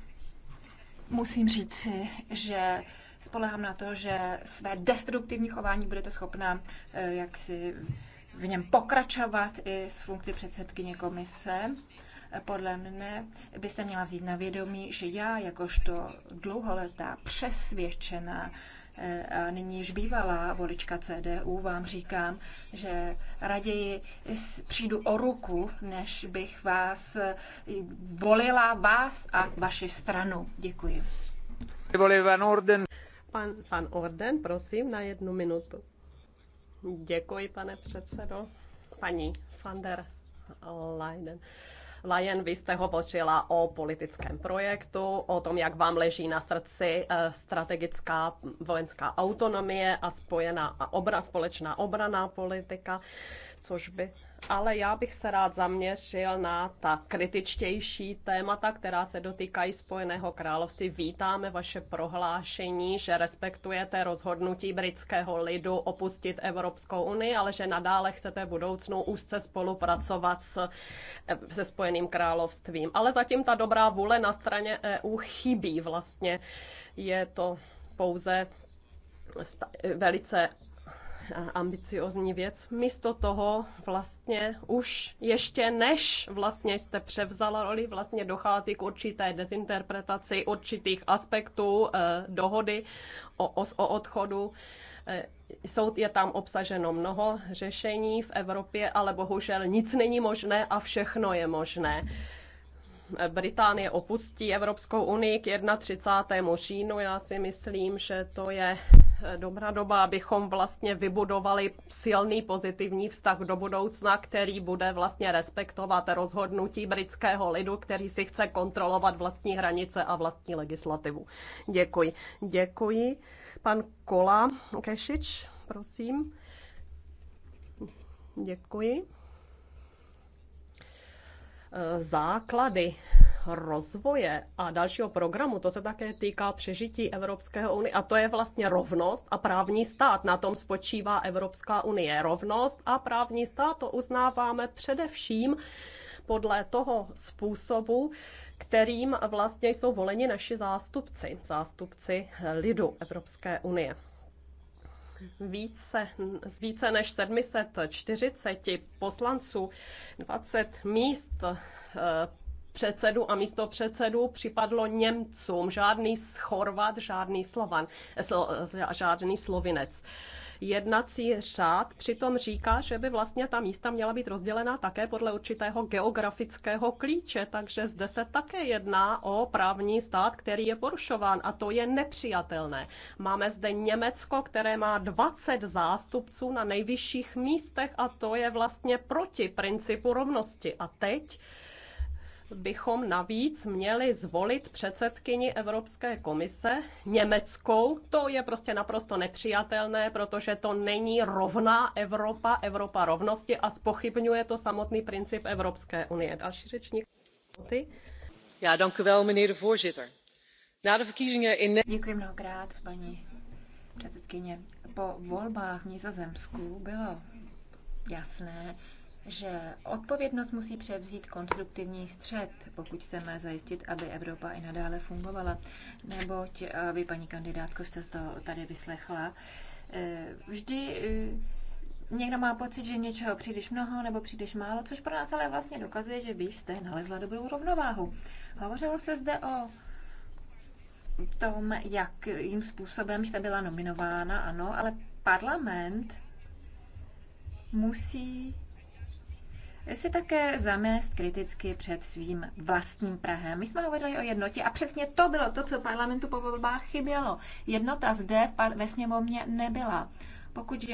musím říci, že spolehám na to, že své destruktivní chování budete schopna eh, jak si v něm pokračovat i s funkci předsedkyně komise. Eh, podle mne byste měla vzít na vědomí, že já jakožto dlouholetá přesvědčená Eh, a nyní již bývalá volička CDU, vám říkám, že raději přijdu o ruku, než bych vás eh, volila, vás a vaši stranu. Děkuji. Pan, Pan Orden, prosím, na jednu minutu. Děkuji, pane předsedo. Paní van der Leiden. Lajen, vy jste hovořila o politickém projektu, o tom, jak vám leží na srdci eh, strategická vojenská autonomie a spojená obra, společná obraná politika což by ale já bych se rád zaměřil na ta kritičtější témata, která se dotýkají Spojeného království. Vítáme vaše prohlášení, že respektujete rozhodnutí britského lidu opustit Evropskou unii, ale že nadále chcete v budoucnu úzce spolupracovat s, se Spojeným královstvím. Ale zatím ta dobrá vůle na straně EU chybí vlastně. Je to pouze velice ambiciozní věc. Místo toho vlastně už ještě než vlastně jste převzala roli, vlastně dochází k určité dezinterpretaci určitých aspektů eh, dohody o, o, o odchodu. Eh, jsou, je tam obsaženo mnoho řešení v Evropě, ale bohužel nic není možné a všechno je možné. Británie opustí Evropskou unii k 31. říjnu. Já si myslím, že to je dobrá doba, abychom vlastně vybudovali silný pozitivní vztah do budoucna, který bude vlastně respektovat rozhodnutí britského lidu, který si chce kontrolovat vlastní hranice a vlastní legislativu. Děkuji. Děkuji. Pan Kola Kešič, prosím. Děkuji základy rozvoje a dalšího programu, to se také týká přežití Evropské unie a to je vlastně rovnost a právní stát. Na tom spočívá Evropská unie. Rovnost a právní stát to uznáváme především podle toho způsobu, kterým vlastně jsou voleni naši zástupci, zástupci lidu Evropské unie více, z více než 740 poslanců 20 míst eh, předsedu a místo předsedu připadlo Němcům, žádný Chorvat, žádný Slovan, žádný Slovinec jednací řád přitom říká, že by vlastně ta místa měla být rozdělená také podle určitého geografického klíče, takže zde se také jedná o právní stát, který je porušován a to je nepřijatelné. Máme zde Německo, které má 20 zástupců na nejvyšších místech a to je vlastně proti principu rovnosti. A teď bychom navíc měli zvolit předsedkyni Evropské komise německou. To je prostě naprosto nepřijatelné, protože to není rovná Evropa, Evropa rovnosti a spochybňuje to samotný princip Evropské unie. Další řečník. Ty? Já, děkuji velmi, pane meneer voorzitter. Na de verkiezingen in... Děkuji mnohokrát, paní předsedkyně. Po volbách v Nizozemsku bylo jasné, že odpovědnost musí převzít konstruktivní střed, pokud chceme zajistit, aby Evropa i nadále fungovala. Neboť, aby paní kandidátko jste to tady vyslechla, eh, vždy eh, někdo má pocit, že něčeho příliš mnoho nebo příliš málo, což pro nás ale vlastně dokazuje, že vy jste nalezla dobrou rovnováhu. Hovořilo se zde o tom, jakým způsobem jste byla nominována, ano, ale parlament musí si také zamést kriticky před svým vlastním Prahem. My jsme hovořili o jednotě a přesně to bylo to, co parlamentu po volbách chybělo. Jednota zde ve sněmovně nebyla. Pokud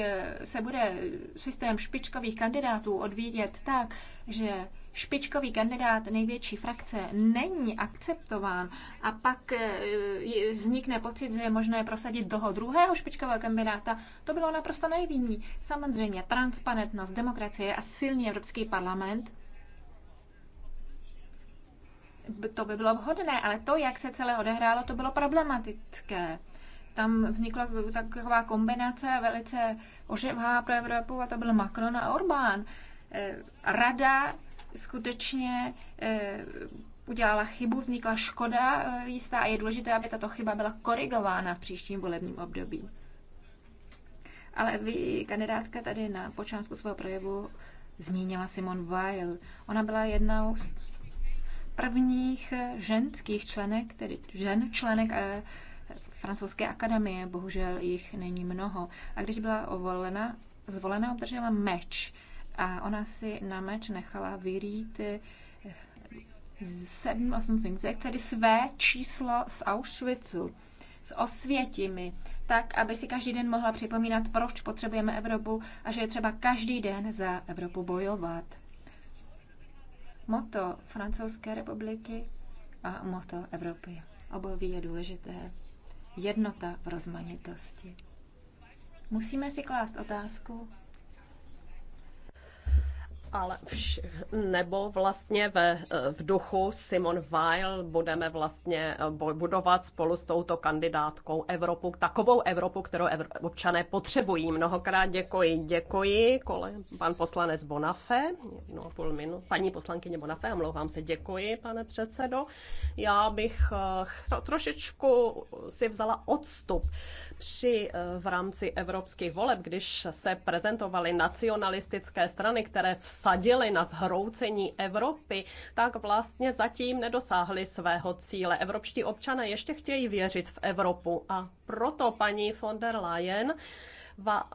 se bude systém špičkových kandidátů odvíjet tak, že špičkový kandidát největší frakce není akceptován a pak eh, vznikne pocit, že je možné prosadit toho druhého špičkového kandidáta, to bylo naprosto nejvinní. Samozřejmě transparentnost, demokracie a silný Evropský parlament to by bylo vhodné, ale to, jak se celé odehrálo, to bylo problematické. Tam vznikla taková kombinace velice oživá pro Evropu a to byl Macron a Orbán. Eh, Rada skutečně eh, udělala chybu, vznikla škoda eh, jistá a je důležité, aby tato chyba byla korigována v příštím volebním období. Ale vy, kandidátka, tady na počátku svého projevu zmínila Simone Weil. Ona byla jednou z prvních eh, ženských členek, tedy žen členek francouzské akademie, bohužel jich není mnoho. A když byla ovolena, zvolena, obdržela meč a ona si na meč nechala vyrýt eh, sedm, osm funkcích, tedy své číslo z Auschwitzu, s osvětimi, tak, aby si každý den mohla připomínat, proč potřebujeme Evropu a že je třeba každý den za Evropu bojovat. Moto Francouzské republiky a moto Evropy. Obojí je důležité. Jednota v rozmanitosti. Musíme si klást otázku, ale vš- nebo vlastně ve, v duchu Simon Weil budeme vlastně eh, budovat spolu s touto kandidátkou Evropu, takovou Evropu, kterou Evro- občané potřebují. Mnohokrát děkuji, děkuji, kole, pan poslanec Bonafé, no, půl minut, paní poslankyně Bonafé, omlouvám se, děkuji, pane předsedo. Já bych eh, trošičku si vzala odstup při eh, v rámci evropských voleb, když se prezentovaly nacionalistické strany, které v vsadili na zhroucení Evropy, tak vlastně zatím nedosáhli svého cíle. Evropští občané ještě chtějí věřit v Evropu a proto paní von der Leyen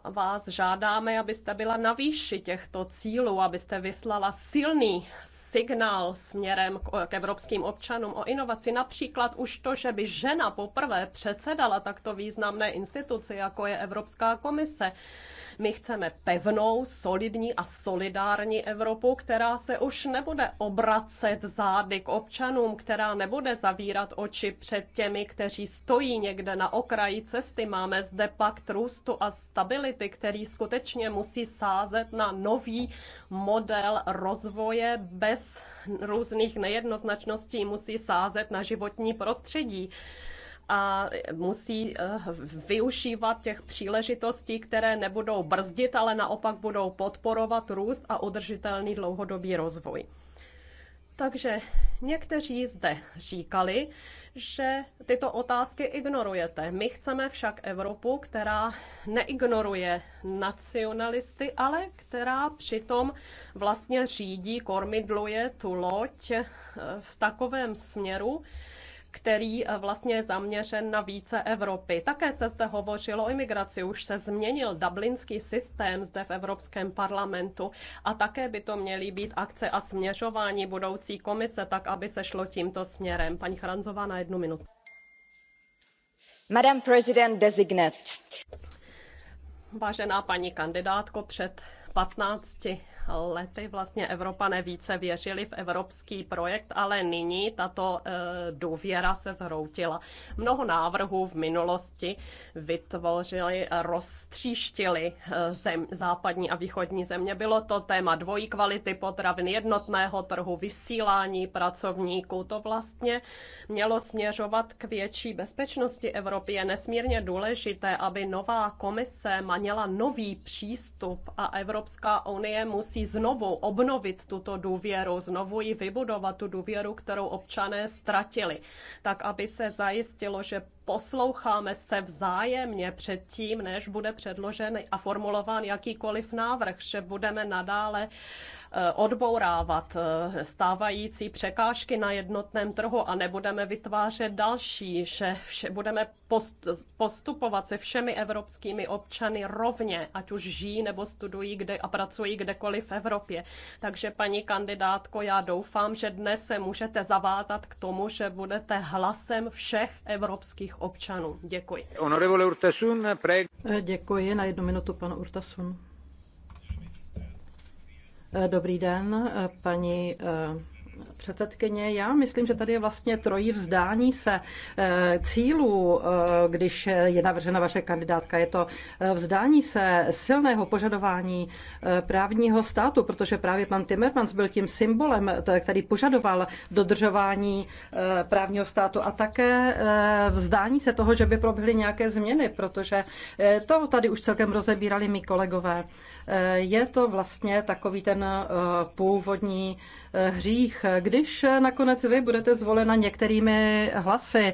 vás žádáme, abyste byla na výši těchto cílů, abyste vyslala silný signál směrem k evropským občanům o inovaci. Například už to, že by žena poprvé předsedala takto významné instituci, jako je Evropská komise. My chceme pevnou, solidní a solidární Evropu, která se už nebude obracet zády k občanům, která nebude zavírat oči před těmi, kteří stojí někde na okraji cesty. Máme zde pakt růstu a stability, který skutečně musí sázet na nový model rozvoje bez bez různých nejednoznačností musí sázet na životní prostředí a musí eh, využívat těch příležitostí, které nebudou brzdit, ale naopak budou podporovat růst a udržitelný dlouhodobý rozvoj. Takže někteří zde říkali, že tyto otázky ignorujete. My chceme však Evropu, která neignoruje nacionalisty, ale která přitom vlastně řídí, kormidluje tu loď eh, v takovém směru, který eh, vlastně je zaměřen na více Evropy. Také se zde hovořilo o imigraci, už se změnil dublinský systém zde v Evropském parlamentu a také by to měly být akce a směřování budoucí komise, tak aby se šlo tímto směrem. Paní hranzová na jednu minutu. Madam President designate. Vážená paní kandidátko, před 15 lety vlastně Evropané více věřili v evropský projekt, ale nyní tato eh, důvěra se zhroutila. Mnoho návrhů v minulosti vytvořili, roztříštili eh, zem, západní a východní země. Bylo to téma dvojí kvality potravin, jednotného trhu, vysílání pracovníků. To vlastně mělo směřovat k větší bezpečnosti Evropy. Je nesmírně důležité, aby nová komise měla nový přístup a Evropská unie musí musí znovu obnovit tuto důvěru, znovu ji vybudovat, tu důvěru, kterou občané ztratili, tak aby se zajistilo, že posloucháme se vzájemně předtím, než bude předložen a formulován jakýkoliv návrh, že budeme nadále Eh, odbourávat eh, stávající překážky na jednotném trhu a nebudeme vytvářet další, že vše, budeme postupovat se všemi evropskými občany rovně, ať už žijí nebo studují kde a pracují kdekoliv v Evropě. Takže paní kandidátko, já doufám, že dnes se můžete zavázat k tomu, že budete hlasem všech evropských občanů. Děkuji. Eh, děkuji. Na jednu minutu pan Urtasun. Eh, dobrý den, eh, paní eh, předsedkyně. Já myslím, že tady je vlastně trojí vzdání se cílů, když je navržena vaše kandidátka. Je to vzdání se silného požadování právního státu, protože právě pan Timmermans byl tím symbolem, který požadoval dodržování právního státu a také vzdání se toho, že by proběhly nějaké změny, protože to tady už celkem rozebírali mý kolegové je to vlastně takový ten eh, původní eh, hřích. Když eh, nakonec vy budete zvolena některými hlasy,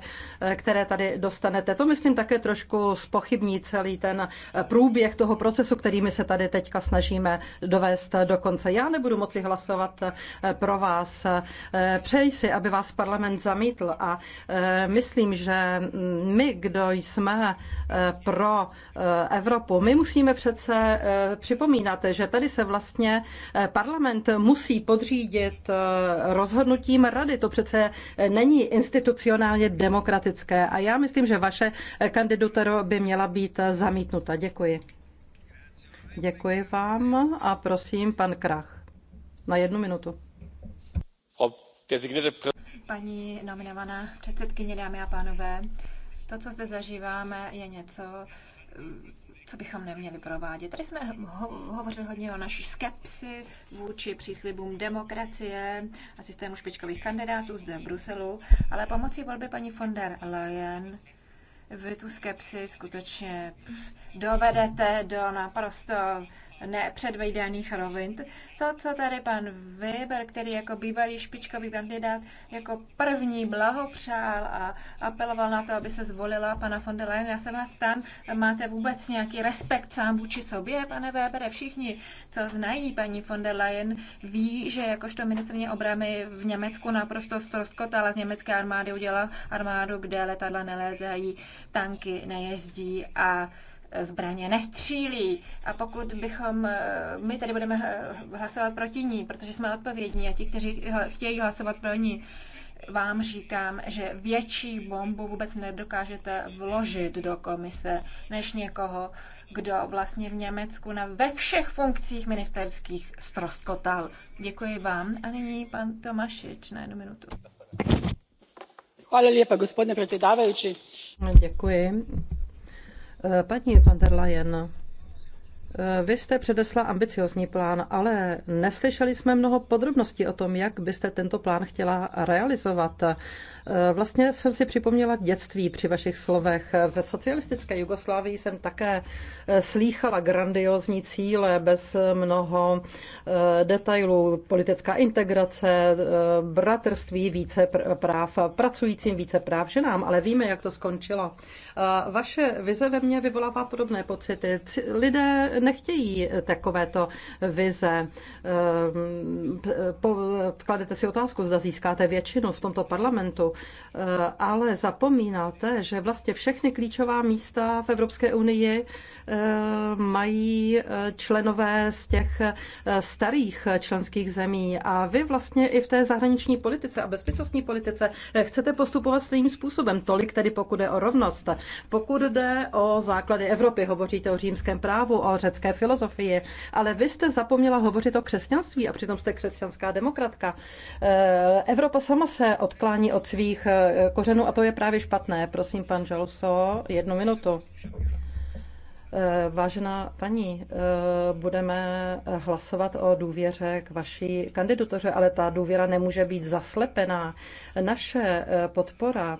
které tady dostanete, to myslím také trošku spochybní celý ten průběh toho procesu, kterými se tady teďka snažíme dovést do konce. Já nebudu moci hlasovat pro vás. Přeji si, aby vás parlament zamítl a myslím, že my, kdo jsme pro Evropu, my musíme přece připravit připomínáte, že tady se vlastně eh, parlament musí podřídit eh, rozhodnutím rady. To přece eh, není institucionálně demokratické a já myslím, že vaše kandidatura by měla být zamítnuta. Děkuji. Děkuji vám a prosím, pan Krach, na jednu minutu. Paní nominovaná předsedkyně, dámy a pánové, to, co zde zažíváme, je něco, co bychom neměli provádět. Tady jsme ho- hovořili hodně o naší skepsi vůči příslibům demokracie a systému špičkových kandidátů zde v Bruselu, ale pomocí volby paní von der Leyen vy tu skepsi skutečně dovedete do naprosto nepředvejdaných rovin. To, co tady pan Weber, který jako bývalý špičkový kandidát jako první blahopřál a apeloval na to, aby se zvolila pana von der Leyen, já se vás ptám, máte vůbec nějaký respekt sám vůči sobě, pane Weber? Všichni, co znají paní von der Leyen, ví, že jakožto ministrně obrany v Německu naprosto ztroskotala z německé armády, udělala armádu, kde letadla nelétají, tanky nejezdí a zbraně nestřílí. A pokud bychom, eh, my tady budeme hlasovat proti ní, protože jsme odpovědní a ti, kteří chtějí hlasovat pro ní, vám říkám, že větší bombu vůbec nedokážete vložit do komise než někoho, kdo vlastně v Německu na, ve všech funkcích ministerských ztroskotal. Děkuji vám. A nyní pan Tomašič na jednu minutu. Hvala lijepa, gospodine predsjedavajući. Děkuji. Eh, paní van der Leyen, Eh, vy jste předesla ambiciozní plán, ale neslyšeli jsme mnoho podrobností o tom, jak byste tento plán chtěla realizovat. Eh, vlastně jsem si připomněla dětství při vašich slovech. V socialistické Jugoslávii jsem také eh, slýchala grandiozní cíle bez mnoho detailů. Politická integrace, bratrství, více práv pracujícím, více práv ženám, ale víme, jak to skončilo. Vaše vize ve mně vyvolává podobné pocity. Lidé nechtějí takovéto vize. Ehm, kladete si otázku, zda získáte většinu v tomto parlamentu, ehm, ale zapomínáte, že vlastně všechny klíčová místa v Evropské unii Eh, mají eh, členové z těch eh, starých členských zemí. A vy vlastně i v té zahraniční politice a bezpečnostní politice chcete postupovat stejným způsobem. Tolik tedy pokud jde o rovnost. Pokud jde o základy Evropy, hovoříte o římském právu, o řecké filozofii, ale vy jste zapomněla hovořit o křesťanství a přitom jste křesťanská demokratka. Evropa sama se odklání od svých kořenů a to je právě špatné. Prosím, pan Žalso, jednu minutu. Eh, vážená paní, eh, budeme eh, hlasovat o důvěře k vaší kandidatuře, ale ta důvěra nemůže být zaslepená. Naše podpora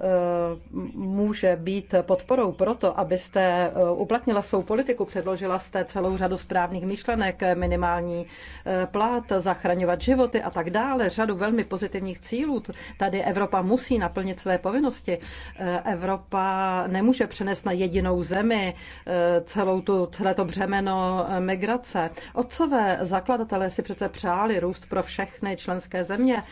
Eh, může být podporou proto, abyste eh, uplatnila svou politiku, předložila jste celou řadu správných myšlenek, minimální eh, plat, zachraňovat životy a tak dále, řadu velmi pozitivních cílů. Tady Evropa musí naplnit své povinnosti. Evropa nemůže přenést na jedinou zemi celou tu, celé to břemeno migrace. Otcové zakladatelé si přece přáli růst pro všechny členské země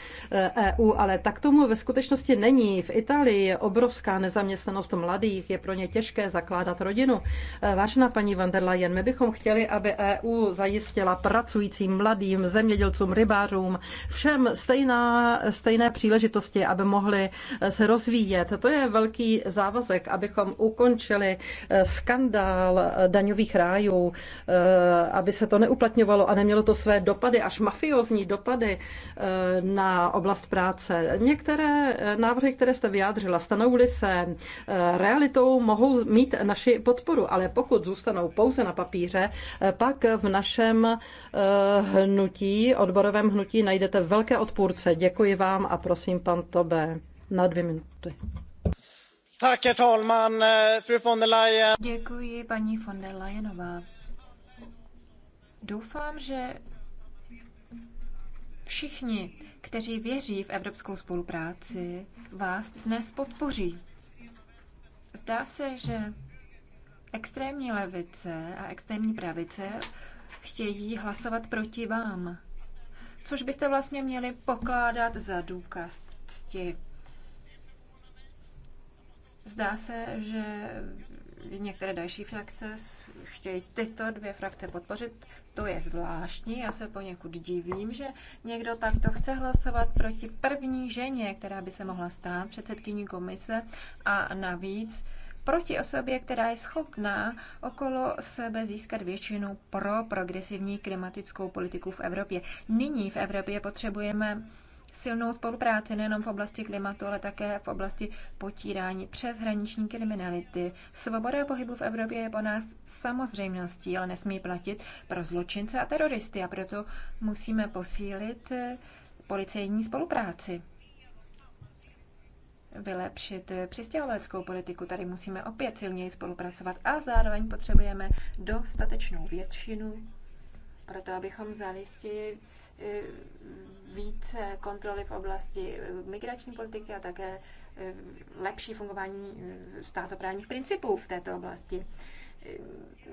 EU, e ale tak tomu ve skutečnosti není. V Itálii je obrovská nezaměstnanost mladých, je pro ně těžké zakládat rodinu. Eh, Vážená paní van der Leyen, my bychom chtěli, aby EU zajistila pracujícím mladým zemědělcům, rybářům, všem stejná, stejné příležitosti, aby mohli eh, se rozvíjet. To je velký závazek, abychom ukončili eh, skandál daňových rájů, aby se to neuplatňovalo a nemělo to své dopady, až mafiozní dopady na oblast práce. Některé návrhy, které jste vyjádřili, hovořila, stanou-li se eh, realitou, mohou mít naši podporu, ale pokud zůstanou pouze na papíře, eh, pak v našem eh, hnutí, odborovém hnutí najdete velké odpůrce. Děkuji vám a prosím pan Tobe na dvě minuty. Děkuji, paní von der Leyenová. Doufám, že Všichni, kteří věří v evropskou spolupráci, vás dnes podpoří. Zdá se, že extrémní levice a extrémní pravice chtějí hlasovat proti vám, což byste vlastně měli pokládat za důkaz cti. Zdá se, že některé další frakce chtějí tyto dvě frakce podpořit. To je zvláštní, já se poněkud divím, že někdo takto chce hlasovat proti první ženě, která by se mohla stát předsedkyní komise a navíc proti osobě, která je schopná okolo sebe získat většinu pro progresivní klimatickou politiku v Evropě. Nyní v Evropě potřebujeme silnou spolupráci nejenom v oblasti klimatu, ale také v oblasti potírání přeshraniční kriminality. Svoboda pohybu v Evropě je po nás samozřejmostí, ale nesmí platit pro zločince a teroristy a proto musíme posílit eh, policejní spolupráci vylepšit eh, přistěhovaleckou politiku. Tady musíme opět silněji spolupracovat a zároveň potřebujeme dostatečnou většinu, proto abychom zajistili Eh, více kontroly v oblasti eh, migrační politiky a také eh, lepší fungování státoprávních principů v této oblasti.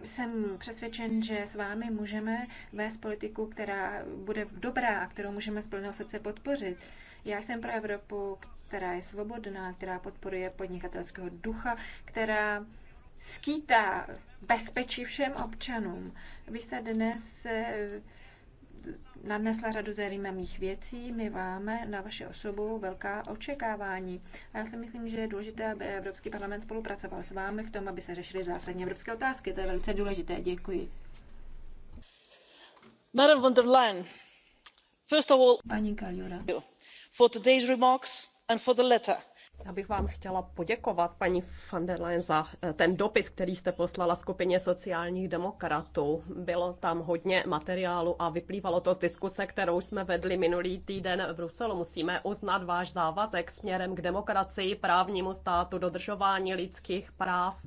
Jsem přesvědčen, že s vámi můžeme vést politiku, která bude dobrá a kterou můžeme z plného srdce podpořit. Já jsem pro Evropu, která je svobodná, která podporuje podnikatelského ducha, která skýtá bezpečí všem občanům. Vy jste dnes nadnesla řadu zajímavých věcí. My máme na vaše osobu velká očekávání. A já si myslím, že je důležité, aby Evropský parlament spolupracoval s vámi v tom, aby se řešily zásadní evropské otázky. To je velice důležité. Děkuji. Madam von der Leyen, first of all, Paní Kaljura. for today's remarks and for the letter já bych vám chtěla poděkovat, paní van der Leyen, za eh, ten dopis, který jste poslala skupině sociálních demokratů. Bylo tam hodně materiálu a vyplývalo to z diskuse, kterou jsme vedli minulý týden v Bruselu. Musíme uznat váš závazek směrem k demokracii, právnímu státu, dodržování lidských práv.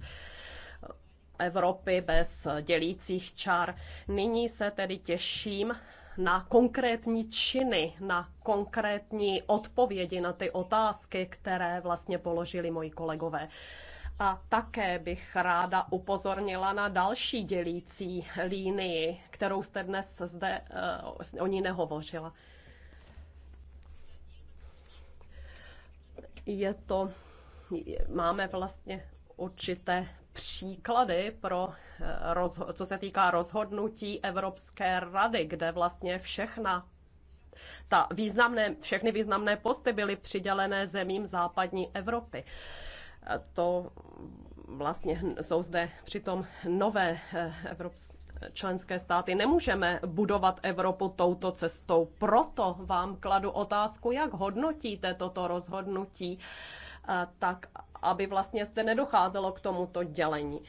Evropy bez dělících čar. Nyní se tedy těším na konkrétní činy, na konkrétní odpovědi na ty otázky, které vlastně položili moji kolegové. A také bych ráda upozornila na další dělící línii, kterou jste dnes zde eh, o ní nehovořila. Je to, máme vlastně určité příklady pro, eh, co se týká rozhodnutí Evropské rady, kde vlastně všechna ta významné, všechny významné posty byly přidělené zemím západní Evropy. Eh, to vlastně hm, jsou zde přitom nové eh, evropské členské státy. Nemůžeme budovat Evropu touto cestou. Proto vám kladu otázku, jak hodnotíte toto rozhodnutí tak aby vlastně zde nedocházelo k tomuto dělení.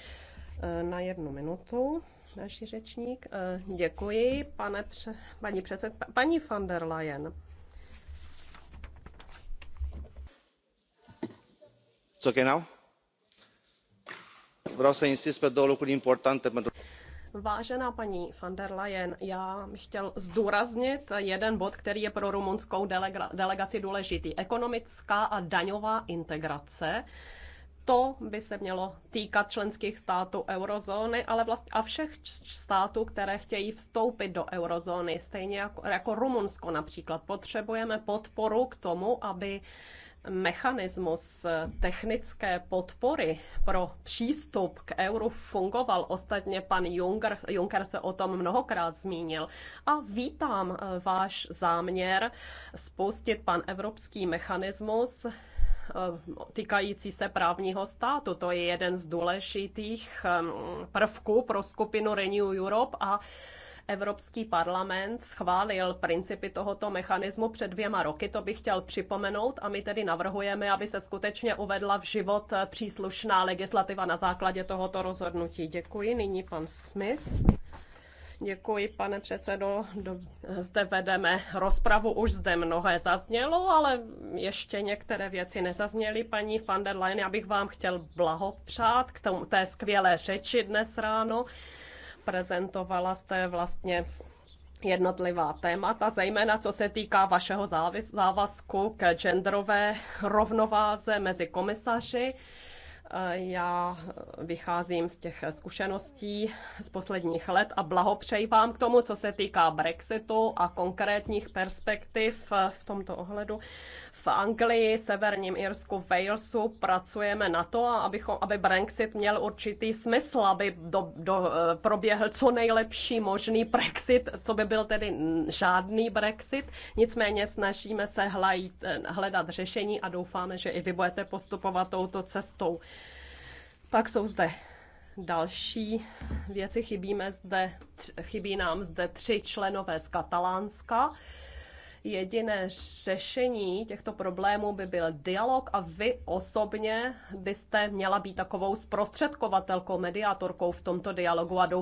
E, na jednu minutu další řečník. E, děkuji, pane pře- paní předsed... Paní van der Leyen. It's okay now? Vreau să insist pe două lucruri importante pentru... Vážená paní van der Leyen, já bych chtěl zdůraznit jeden bod, který je pro rumunskou delega- delegaci důležitý. Ekonomická a daňová integrace to by se mělo týkat členských států eurozóny, ale vlastně a všech států, které chtějí vstoupit do eurozóny, stejně jako, jako Rumunsko například. Potřebujeme podporu k tomu, aby mechanismus technické podpory pro přístup k euru fungoval. Ostatně pan Juncker, Juncker se o tom mnohokrát zmínil. A vítám eh, váš záměr spustit pan evropský mechanismus eh, týkající se právního státu. To je jeden z důležitých ehm, prvků pro skupinu Renew Europe a Evropský parlament schválil principy tohoto mechanismu před dvěma roky, to bych chtěl připomenout a my tedy navrhujeme, aby se skutečně uvedla v život příslušná legislativa na základě tohoto rozhodnutí. Děkuji. Nyní pan Smith. Děkuji, pane předsedo. Zde vedeme rozpravu, už zde mnohé zaznělo, ale ještě některé věci nezazněly. Paní van der Leyen, já bych vám chtěl blahopřát k tomu, té skvělé řeči dnes ráno prezentovala jste vlastně jednotlivá témata, zejména co se týká vašeho závazku k genderové rovnováze mezi komisaři. Eh, já vycházím z těch zkušeností z posledních let a blahopřeji vám k tomu, co se týká Brexitu a konkrétních perspektiv eh, v tomto ohledu v Anglii, Severním Irsku, Walesu pracujeme na to, abychom, aby Brexit měl určitý smysl, aby do, do, eh, proběhl co nejlepší možný Brexit, co by byl tedy žádný Brexit. Nicméně snažíme se hlajit, eh, hledat řešení a doufáme, že i vy budete postupovat touto cestou. Pak jsou zde další věci. Chybíme zde, chybí nám zde tři členové z Katalánska jediné řešení těchto problémů by byl dialog a vy osobně byste měla být takovou zprostředkovatelkou, mediátorkou v tomto dialogu a doufám,